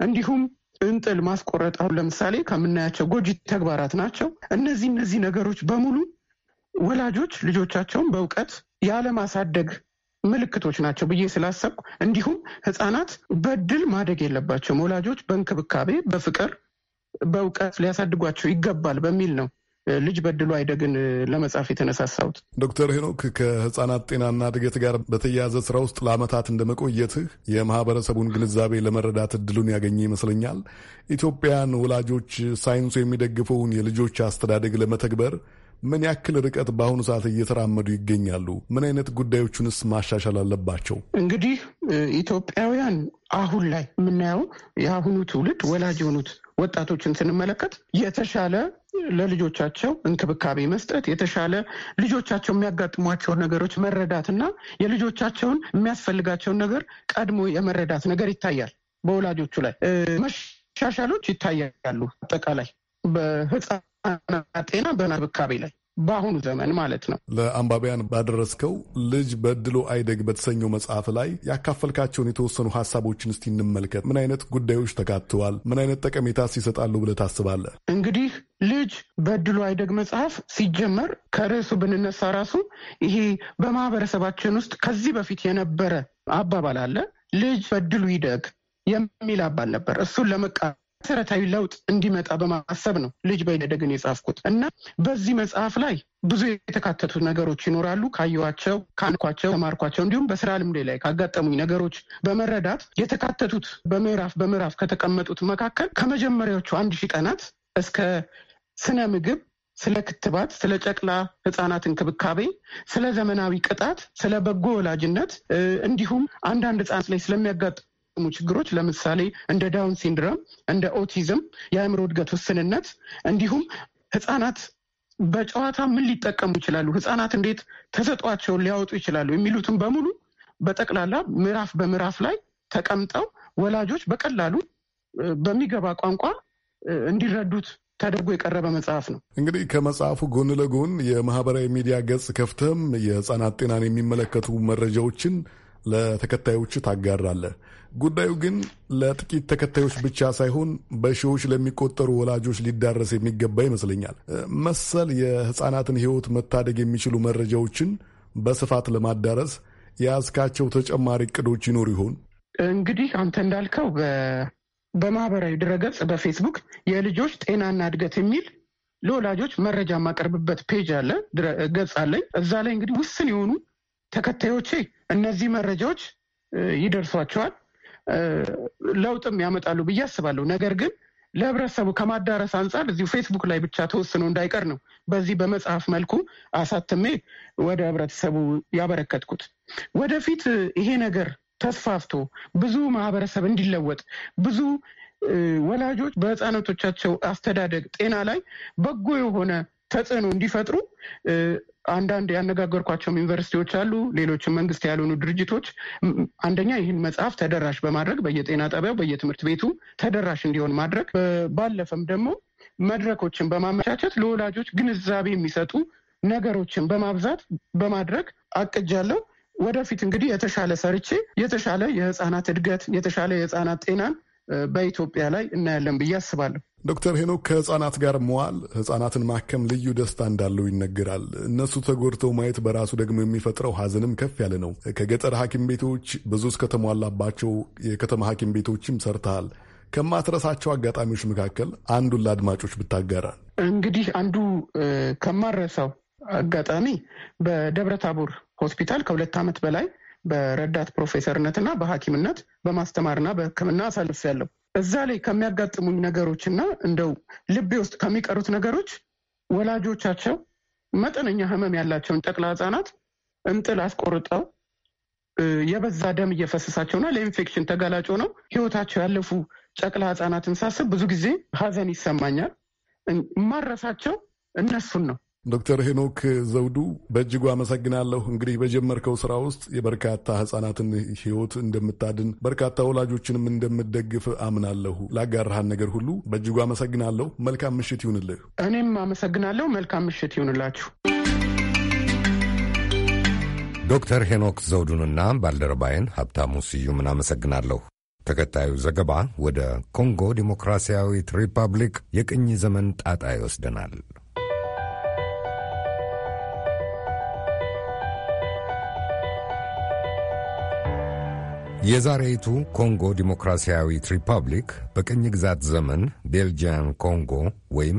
እንዲሁም እንጥል ማስቆረጥ አሁን ለምሳሌ ከምናያቸው ጎጂ ተግባራት ናቸው። እነዚህ እነዚህ ነገሮች በሙሉ ወላጆች ልጆቻቸውን በእውቀት ያለማሳደግ ምልክቶች ናቸው ብዬ ስላሰብኩ፣ እንዲሁም ህጻናት በድል ማደግ የለባቸውም ወላጆች በእንክብካቤ በፍቅር በእውቀት ሊያሳድጓቸው ይገባል በሚል ነው ልጅ በድሎ አይደግን ለመጻፍ የተነሳሳሁት። ዶክተር ሄኖክ ከህጻናት ጤናና እድገት ጋር በተያያዘ ስራ ውስጥ ለአመታት እንደመቆየትህ የማህበረሰቡን ግንዛቤ ለመረዳት እድሉን ያገኘ ይመስለኛል። ኢትዮጵያን ወላጆች ሳይንሱ የሚደግፈውን የልጆች አስተዳደግ ለመተግበር ምን ያክል ርቀት በአሁኑ ሰዓት እየተራመዱ ይገኛሉ? ምን አይነት ጉዳዮቹንስ ማሻሻል አለባቸው? እንግዲህ ኢትዮጵያውያን አሁን ላይ የምናየው የአሁኑ ትውልድ ወላጅ የሆኑት ወጣቶችን ስንመለከት የተሻለ ለልጆቻቸው እንክብካቤ መስጠት የተሻለ ልጆቻቸው የሚያጋጥሟቸውን ነገሮች መረዳት እና የልጆቻቸውን የሚያስፈልጋቸውን ነገር ቀድሞ የመረዳት ነገር ይታያል። በወላጆቹ ላይ መሻሻሎች ይታያሉ። አጠቃላይ በህፃናት ጤና በናብካቤ ላይ በአሁኑ ዘመን ማለት ነው። ለአንባቢያን ባደረስከው ልጅ በድሎ አይደግ በተሰኘው መጽሐፍ ላይ ያካፈልካቸውን የተወሰኑ ሀሳቦችን እስቲ እንመልከት። ምን አይነት ጉዳዮች ተካተዋል? ምን አይነት ጠቀሜታስ ይሰጣሉ ብለህ ታስባለህ? እንግዲህ ልጅ በድሎ አይደግ መጽሐፍ ሲጀመር ከርዕሱ ብንነሳ ራሱ ይሄ በማህበረሰባችን ውስጥ ከዚህ በፊት የነበረ አባባል አለ። ልጅ በድሉ ይደግ የሚል አባል ነበር። እሱን ለመቃ መሰረታዊ ለውጥ እንዲመጣ በማሰብ ነው ልጅ በይደደግን የጻፍኩት እና በዚህ መጽሐፍ ላይ ብዙ የተካተቱ ነገሮች ይኖራሉ። ካየኋቸው፣ ካንኳቸው፣ ተማርኳቸው እንዲሁም በስራ ልምዴ ላይ ካጋጠሙኝ ነገሮች በመረዳት የተካተቱት በምዕራፍ በምዕራፍ ከተቀመጡት መካከል ከመጀመሪያዎቹ አንድ ሺህ ቀናት እስከ ስነ ምግብ ስለ ክትባት፣ ስለ ጨቅላ ህጻናት እንክብካቤ፣ ስለ ዘመናዊ ቅጣት፣ ስለ በጎ ወላጅነት እንዲሁም አንዳንድ ህጻናት ላይ ስለሚያጋጥ የሚያጋጥሙ ችግሮች ለምሳሌ እንደ ዳውን ሲንድረም፣ እንደ ኦቲዝም፣ የአእምሮ እድገት ውስንነት እንዲሁም ህጻናት በጨዋታ ምን ሊጠቀሙ ይችላሉ፣ ህጻናት እንዴት ተሰጧቸውን ሊያወጡ ይችላሉ የሚሉትን በሙሉ በጠቅላላ ምዕራፍ በምዕራፍ ላይ ተቀምጠው ወላጆች በቀላሉ በሚገባ ቋንቋ እንዲረዱት ተደርጎ የቀረበ መጽሐፍ ነው። እንግዲህ ከመጽሐፉ ጎን ለጎን የማህበራዊ ሚዲያ ገጽ ከፍተህም የህጻናት ጤናን የሚመለከቱ መረጃዎችን ለተከታዮች ታጋራለህ። ጉዳዩ ግን ለጥቂት ተከታዮች ብቻ ሳይሆን በሺዎች ለሚቆጠሩ ወላጆች ሊዳረስ የሚገባ ይመስለኛል። መሰል የሕፃናትን ሕይወት መታደግ የሚችሉ መረጃዎችን በስፋት ለማዳረስ የያዝካቸው ተጨማሪ እቅዶች ይኖሩ ይሆን? እንግዲህ አንተ እንዳልከው በማህበራዊ ድረገጽ በፌስቡክ የልጆች ጤናና እድገት የሚል ለወላጆች መረጃ የማቀርብበት ፔጅ አለ፣ ገጽ አለኝ። እዛ ላይ እንግዲህ ውስን የሆኑ ተከታዮቼ እነዚህ መረጃዎች ይደርሷቸዋል፣ ለውጥም ያመጣሉ ብዬ አስባለሁ። ነገር ግን ለህብረተሰቡ ከማዳረስ አንጻር እዚሁ ፌስቡክ ላይ ብቻ ተወስኖ እንዳይቀር ነው በዚህ በመጽሐፍ መልኩ አሳትሜ ወደ ህብረተሰቡ ያበረከትኩት። ወደፊት ይሄ ነገር ተስፋፍቶ ብዙ ማህበረሰብ እንዲለወጥ ብዙ ወላጆች በህፃናቶቻቸው አስተዳደግ ጤና ላይ በጎ የሆነ ተጽዕኖ እንዲፈጥሩ አንዳንድ ያነጋገርኳቸውም ዩኒቨርሲቲዎች አሉ፣ ሌሎችም መንግስት ያልሆኑ ድርጅቶች አንደኛ ይህን መጽሐፍ ተደራሽ በማድረግ በየጤና ጣቢያው በየትምህርት ቤቱ ተደራሽ እንዲሆን ማድረግ፣ ባለፈም ደግሞ መድረኮችን በማመቻቸት ለወላጆች ግንዛቤ የሚሰጡ ነገሮችን በማብዛት በማድረግ አቅጃለሁ። ወደፊት እንግዲህ የተሻለ ሰርቼ የተሻለ የህፃናት እድገት የተሻለ የህፃናት ጤናን በኢትዮጵያ ላይ እናያለን ብዬ አስባለሁ። ዶክተር ሄኖክ ከህጻናት ጋር መዋል ህጻናትን ማከም ልዩ ደስታ እንዳለው ይነገራል። እነሱ ተጎድተው ማየት በራሱ ደግሞ የሚፈጥረው ሀዘንም ከፍ ያለ ነው። ከገጠር ሐኪም ቤቶች ብዙ እስከተሟላባቸው የከተማ ሐኪም ቤቶችም ሰርተሃል። ከማትረሳቸው አጋጣሚዎች መካከል አንዱን ለአድማጮች ብታጋራ። እንግዲህ አንዱ ከማረሳው አጋጣሚ በደብረ ታቦር ሆስፒታል ከሁለት ዓመት በላይ በረዳት ፕሮፌሰርነትና በሐኪምነት በማስተማርና በሕክምና አሳልፍ ያለው እዛ ላይ ከሚያጋጥሙኝ ነገሮች እና እንደው ልቤ ውስጥ ከሚቀሩት ነገሮች ወላጆቻቸው መጠነኛ ህመም ያላቸውን ጨቅላ ህጻናት እንጥል አስቆርጠው የበዛ ደም እየፈሰሳቸውና ለኢንፌክሽን ተጋላጮ ነው ህይወታቸው ያለፉ ጨቅላ ህጻናትን ሳስብ ብዙ ጊዜ ሀዘን ይሰማኛል። ማረሳቸው እነሱን ነው። ዶክተር ሄኖክ ዘውዱ በእጅጉ አመሰግናለሁ። እንግዲህ በጀመርከው ስራ ውስጥ የበርካታ ህጻናትን ህይወት እንደምታድን በርካታ ወላጆችንም እንደምደግፍ አምናለሁ። ላጋርሃን ነገር ሁሉ በእጅጉ አመሰግናለሁ። መልካም ምሽት ይሁንልህ። እኔም አመሰግናለሁ። መልካም ምሽት ይሁንላችሁ። ዶክተር ሄኖክ ዘውዱንና ባልደረባይን ሀብታሙ ስዩምን አመሰግናለሁ። ተከታዩ ዘገባ ወደ ኮንጎ ዲሞክራሲያዊት ሪፐብሊክ የቅኝ ዘመን ጣጣ ይወስደናል። የዛሬይቱ ኮንጎ ዲሞክራሲያዊት ሪፐብሊክ በቅኝ ግዛት ዘመን ቤልጂያን ኮንጎ ወይም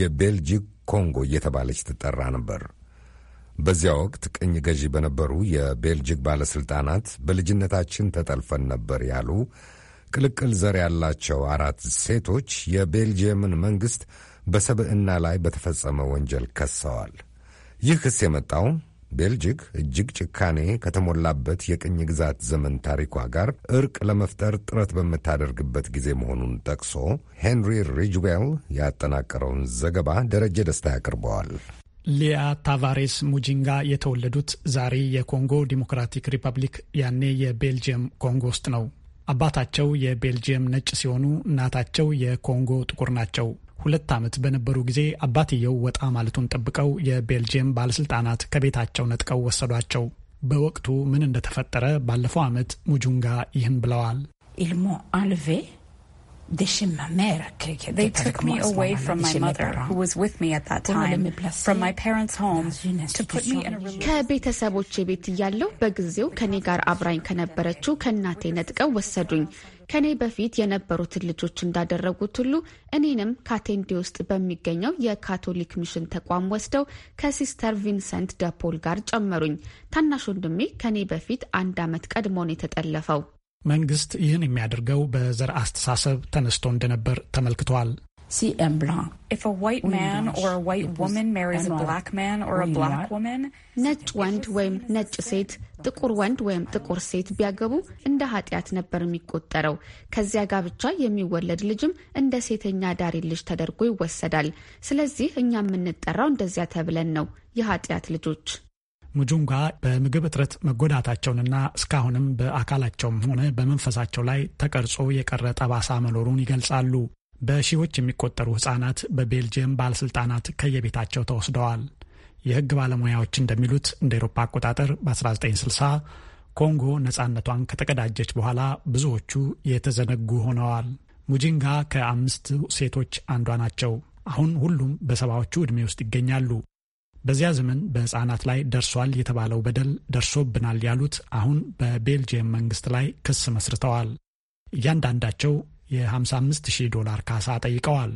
የቤልጂክ ኮንጎ እየተባለች ትጠራ ነበር። በዚያ ወቅት ቅኝ ገዢ በነበሩ የቤልጂክ ባለሥልጣናት በልጅነታችን ተጠልፈን ነበር ያሉ ቅልቅል ዘር ያላቸው አራት ሴቶች የቤልጅየምን መንግሥት በሰብዕና ላይ በተፈጸመ ወንጀል ከሰዋል። ይህ ክስ የመጣው ቤልጅክ እጅግ ጭካኔ ከተሞላበት የቅኝ ግዛት ዘመን ታሪኳ ጋር እርቅ ለመፍጠር ጥረት በምታደርግበት ጊዜ መሆኑን ጠቅሶ ሄንሪ ሪጅዌል ያጠናቀረውን ዘገባ ደረጀ ደስታ ያቀርበዋል። ሊያ ታቫሬስ ሙጂንጋ የተወለዱት ዛሬ የኮንጎ ዲሞክራቲክ ሪፐብሊክ ያኔ የቤልጅየም ኮንጎ ውስጥ ነው። አባታቸው የቤልጅየም ነጭ ሲሆኑ እናታቸው የኮንጎ ጥቁር ናቸው። ሁለት ዓመት በነበሩ ጊዜ አባትየው ወጣ ማለቱን ጠብቀው የቤልጅየም ባለስልጣናት ከቤታቸው ነጥቀው ወሰዷቸው። በወቅቱ ምን እንደተፈጠረ ባለፈው ዓመት ሙጁንጋ ይህን ብለዋል። ኢልሞ አልቬ de They took me away from my mother, who was with me at that time, from my parents' home, to put me in a religious... ከቤተሰቦቼ ቤት እያለሁ በጊዜው ከኔ ጋር አብራኝ ከነበረችው ከእናቴ ነጥቀው ወሰዱኝ። ከኔ በፊት የነበሩትን ልጆች እንዳደረጉት ሁሉ እኔንም ካቴንዲ ውስጥ በሚገኘው የካቶሊክ ሚሽን ተቋም ወስደው ከሲስተር ቪንሰንት ደፖል ጋር ጨመሩኝ። ታናሽ ወንድሜ ከኔ በፊት አንድ ዓመት ቀድሞን የተጠለፈው መንግስት ይህን የሚያደርገው በዘር አስተሳሰብ ተነስቶ እንደነበር ተመልክቷል። ነጭ ወንድ ወይም ነጭ ሴት ጥቁር ወንድ ወይም ጥቁር ሴት ቢያገቡ እንደ ኃጢአት ነበር የሚቆጠረው። ከዚያ ጋብቻ የሚወለድ ልጅም እንደ ሴተኛ ዳሪ ልጅ ተደርጎ ይወሰዳል። ስለዚህ እኛ የምንጠራው እንደዚያ ተብለን ነው የኃጢአት ልጆች። ሙጁንጋ በምግብ እጥረት መጎዳታቸውንና እስካሁንም በአካላቸውም ሆነ በመንፈሳቸው ላይ ተቀርጾ የቀረ ጠባሳ መኖሩን ይገልጻሉ። በሺዎች የሚቆጠሩ ሕጻናት በቤልጅየም ባለሥልጣናት ከየቤታቸው ተወስደዋል። የሕግ ባለሙያዎች እንደሚሉት እንደ ኤሮፓ አቆጣጠር በ1960 ኮንጎ ነፃነቷን ከተቀዳጀች በኋላ ብዙዎቹ የተዘነጉ ሆነዋል። ሙጂንጋ ከአምስት ሴቶች አንዷ ናቸው። አሁን ሁሉም በሰባዎቹ ዕድሜ ውስጥ ይገኛሉ። በዚያ ዘመን በህፃናት ላይ ደርሷል የተባለው በደል ደርሶብናል ያሉት አሁን በቤልጅየም መንግስት ላይ ክስ መስርተዋል። እያንዳንዳቸው የ55 ሺህ ዶላር ካሳ ጠይቀዋል።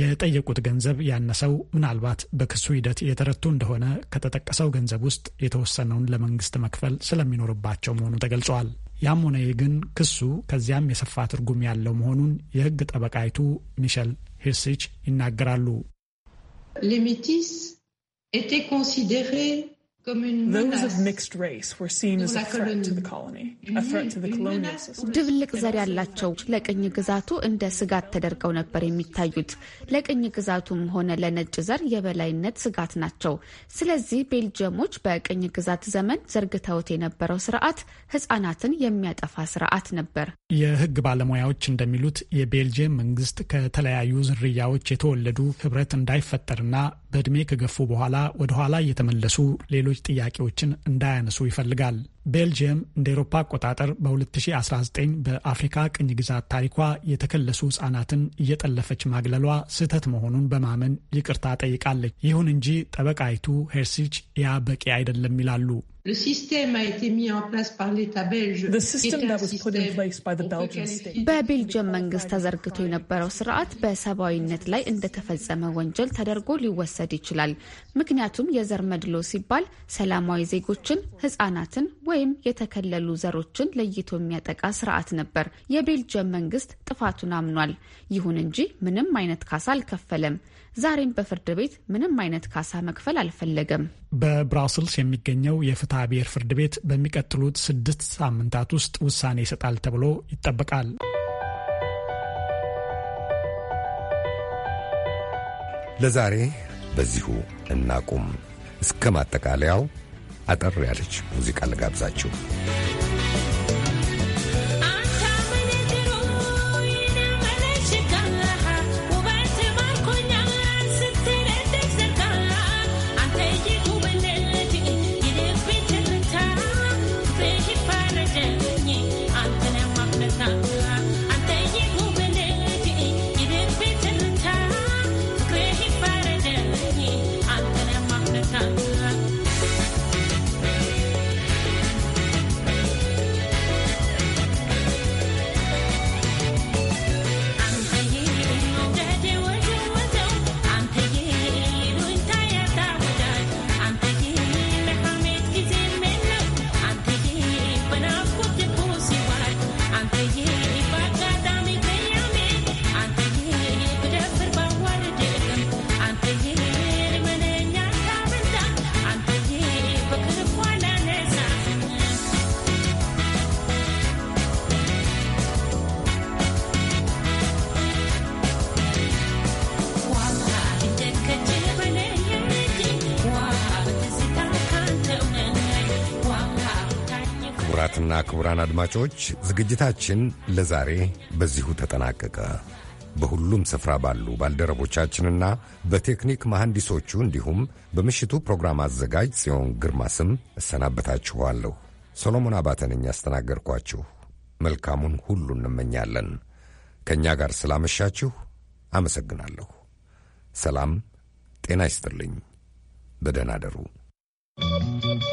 የጠየቁት ገንዘብ ያነሰው ምናልባት በክሱ ሂደት የተረቱ እንደሆነ ከተጠቀሰው ገንዘብ ውስጥ የተወሰነውን ለመንግስት መክፈል ስለሚኖርባቸው መሆኑ ተገልጿል። ያም ሆነ ግን ክሱ ከዚያም የሰፋ ትርጉም ያለው መሆኑን የሕግ ጠበቃይቱ ሚሸል ሂርሲች ይናገራሉ። était une Those of mixed race were seen as a threat to the colony, a threat to the colonial system. ድብልቅ ዘር ያላቸው ለቅኝ ግዛቱ እንደ ስጋት ተደርገው ነበር የሚታዩት። ለቅኝ ግዛቱም ሆነ ለነጭ ዘር የበላይነት ስጋት ናቸው። ስለዚህ ቤልጅየሞች በቅኝ ግዛት ዘመን ዘርግተውት የነበረው ስርዓት ህጻናትን የሚያጠፋ ስርዓት ነበር። የህግ ባለሙያዎች እንደሚሉት የቤልጅየም መንግስት ከተለያዩ ዝርያዎች የተወለዱ ህብረት እንዳይፈጠርና በዕድሜ ከገፉ በኋላ ወደ ኋላ እየተመለሱ ሌሎች ጥያቄዎችን እንዳያነሱ ይፈልጋል። ቤልጅየም እንደ ኤሮፓ አቆጣጠር በ2019 በአፍሪካ ቅኝ ግዛት ታሪኳ የተከለሱ ህጻናትን እየጠለፈች ማግለሏ ስህተት መሆኑን በማመን ይቅርታ ጠይቃለች። ይሁን እንጂ ጠበቃይቱ ሄርሲች ያ በቂ አይደለም ይላሉ። The system that was put in place by the Belgian state. በቤልጅየም መንግስት ተዘርግቶ የነበረው ስርዓት በሰብአዊነት ላይ እንደተፈጸመ ወንጀል ተደርጎ ሊወሰድ ይችላል። ምክንያቱም የዘር መድሎ ሲባል ሰላማዊ ዜጎችን፣ ህጻናትን ወይም የተከለሉ ዘሮችን ለይቶ የሚያጠቃ ስርዓት ነበር። የቤልጅየም መንግስት ጥፋቱን አምኗል። ይሁን እንጂ ምንም አይነት ካሳ አልከፈለም። ዛሬም በፍርድ ቤት ምንም አይነት ካሳ መክፈል አልፈለገም። በብራስልስ የሚገኘው የፍትሐ ብሔር ፍርድ ቤት በሚቀጥሉት ስድስት ሳምንታት ውስጥ ውሳኔ ይሰጣል ተብሎ ይጠበቃል። ለዛሬ በዚሁ እናቁም። እስከ ማጠቃለያው አጠር ያለች ሙዚቃ ልጋብዛችሁ። አድማጮች ዝግጅታችን ለዛሬ በዚሁ ተጠናቀቀ። በሁሉም ስፍራ ባሉ ባልደረቦቻችንና በቴክኒክ መሐንዲሶቹ እንዲሁም በምሽቱ ፕሮግራም አዘጋጅ ጽዮን ግርማ ስም እሰናበታችኋለሁ። ሰሎሞን አባተ ነኝ መልካሙን ሁሉ እንመኛለን። ከእኛ ጋር ስላመሻችሁ አመሰግናለሁ። ሰላም ጤና ይስጥልኝ። በደህና አደሩ።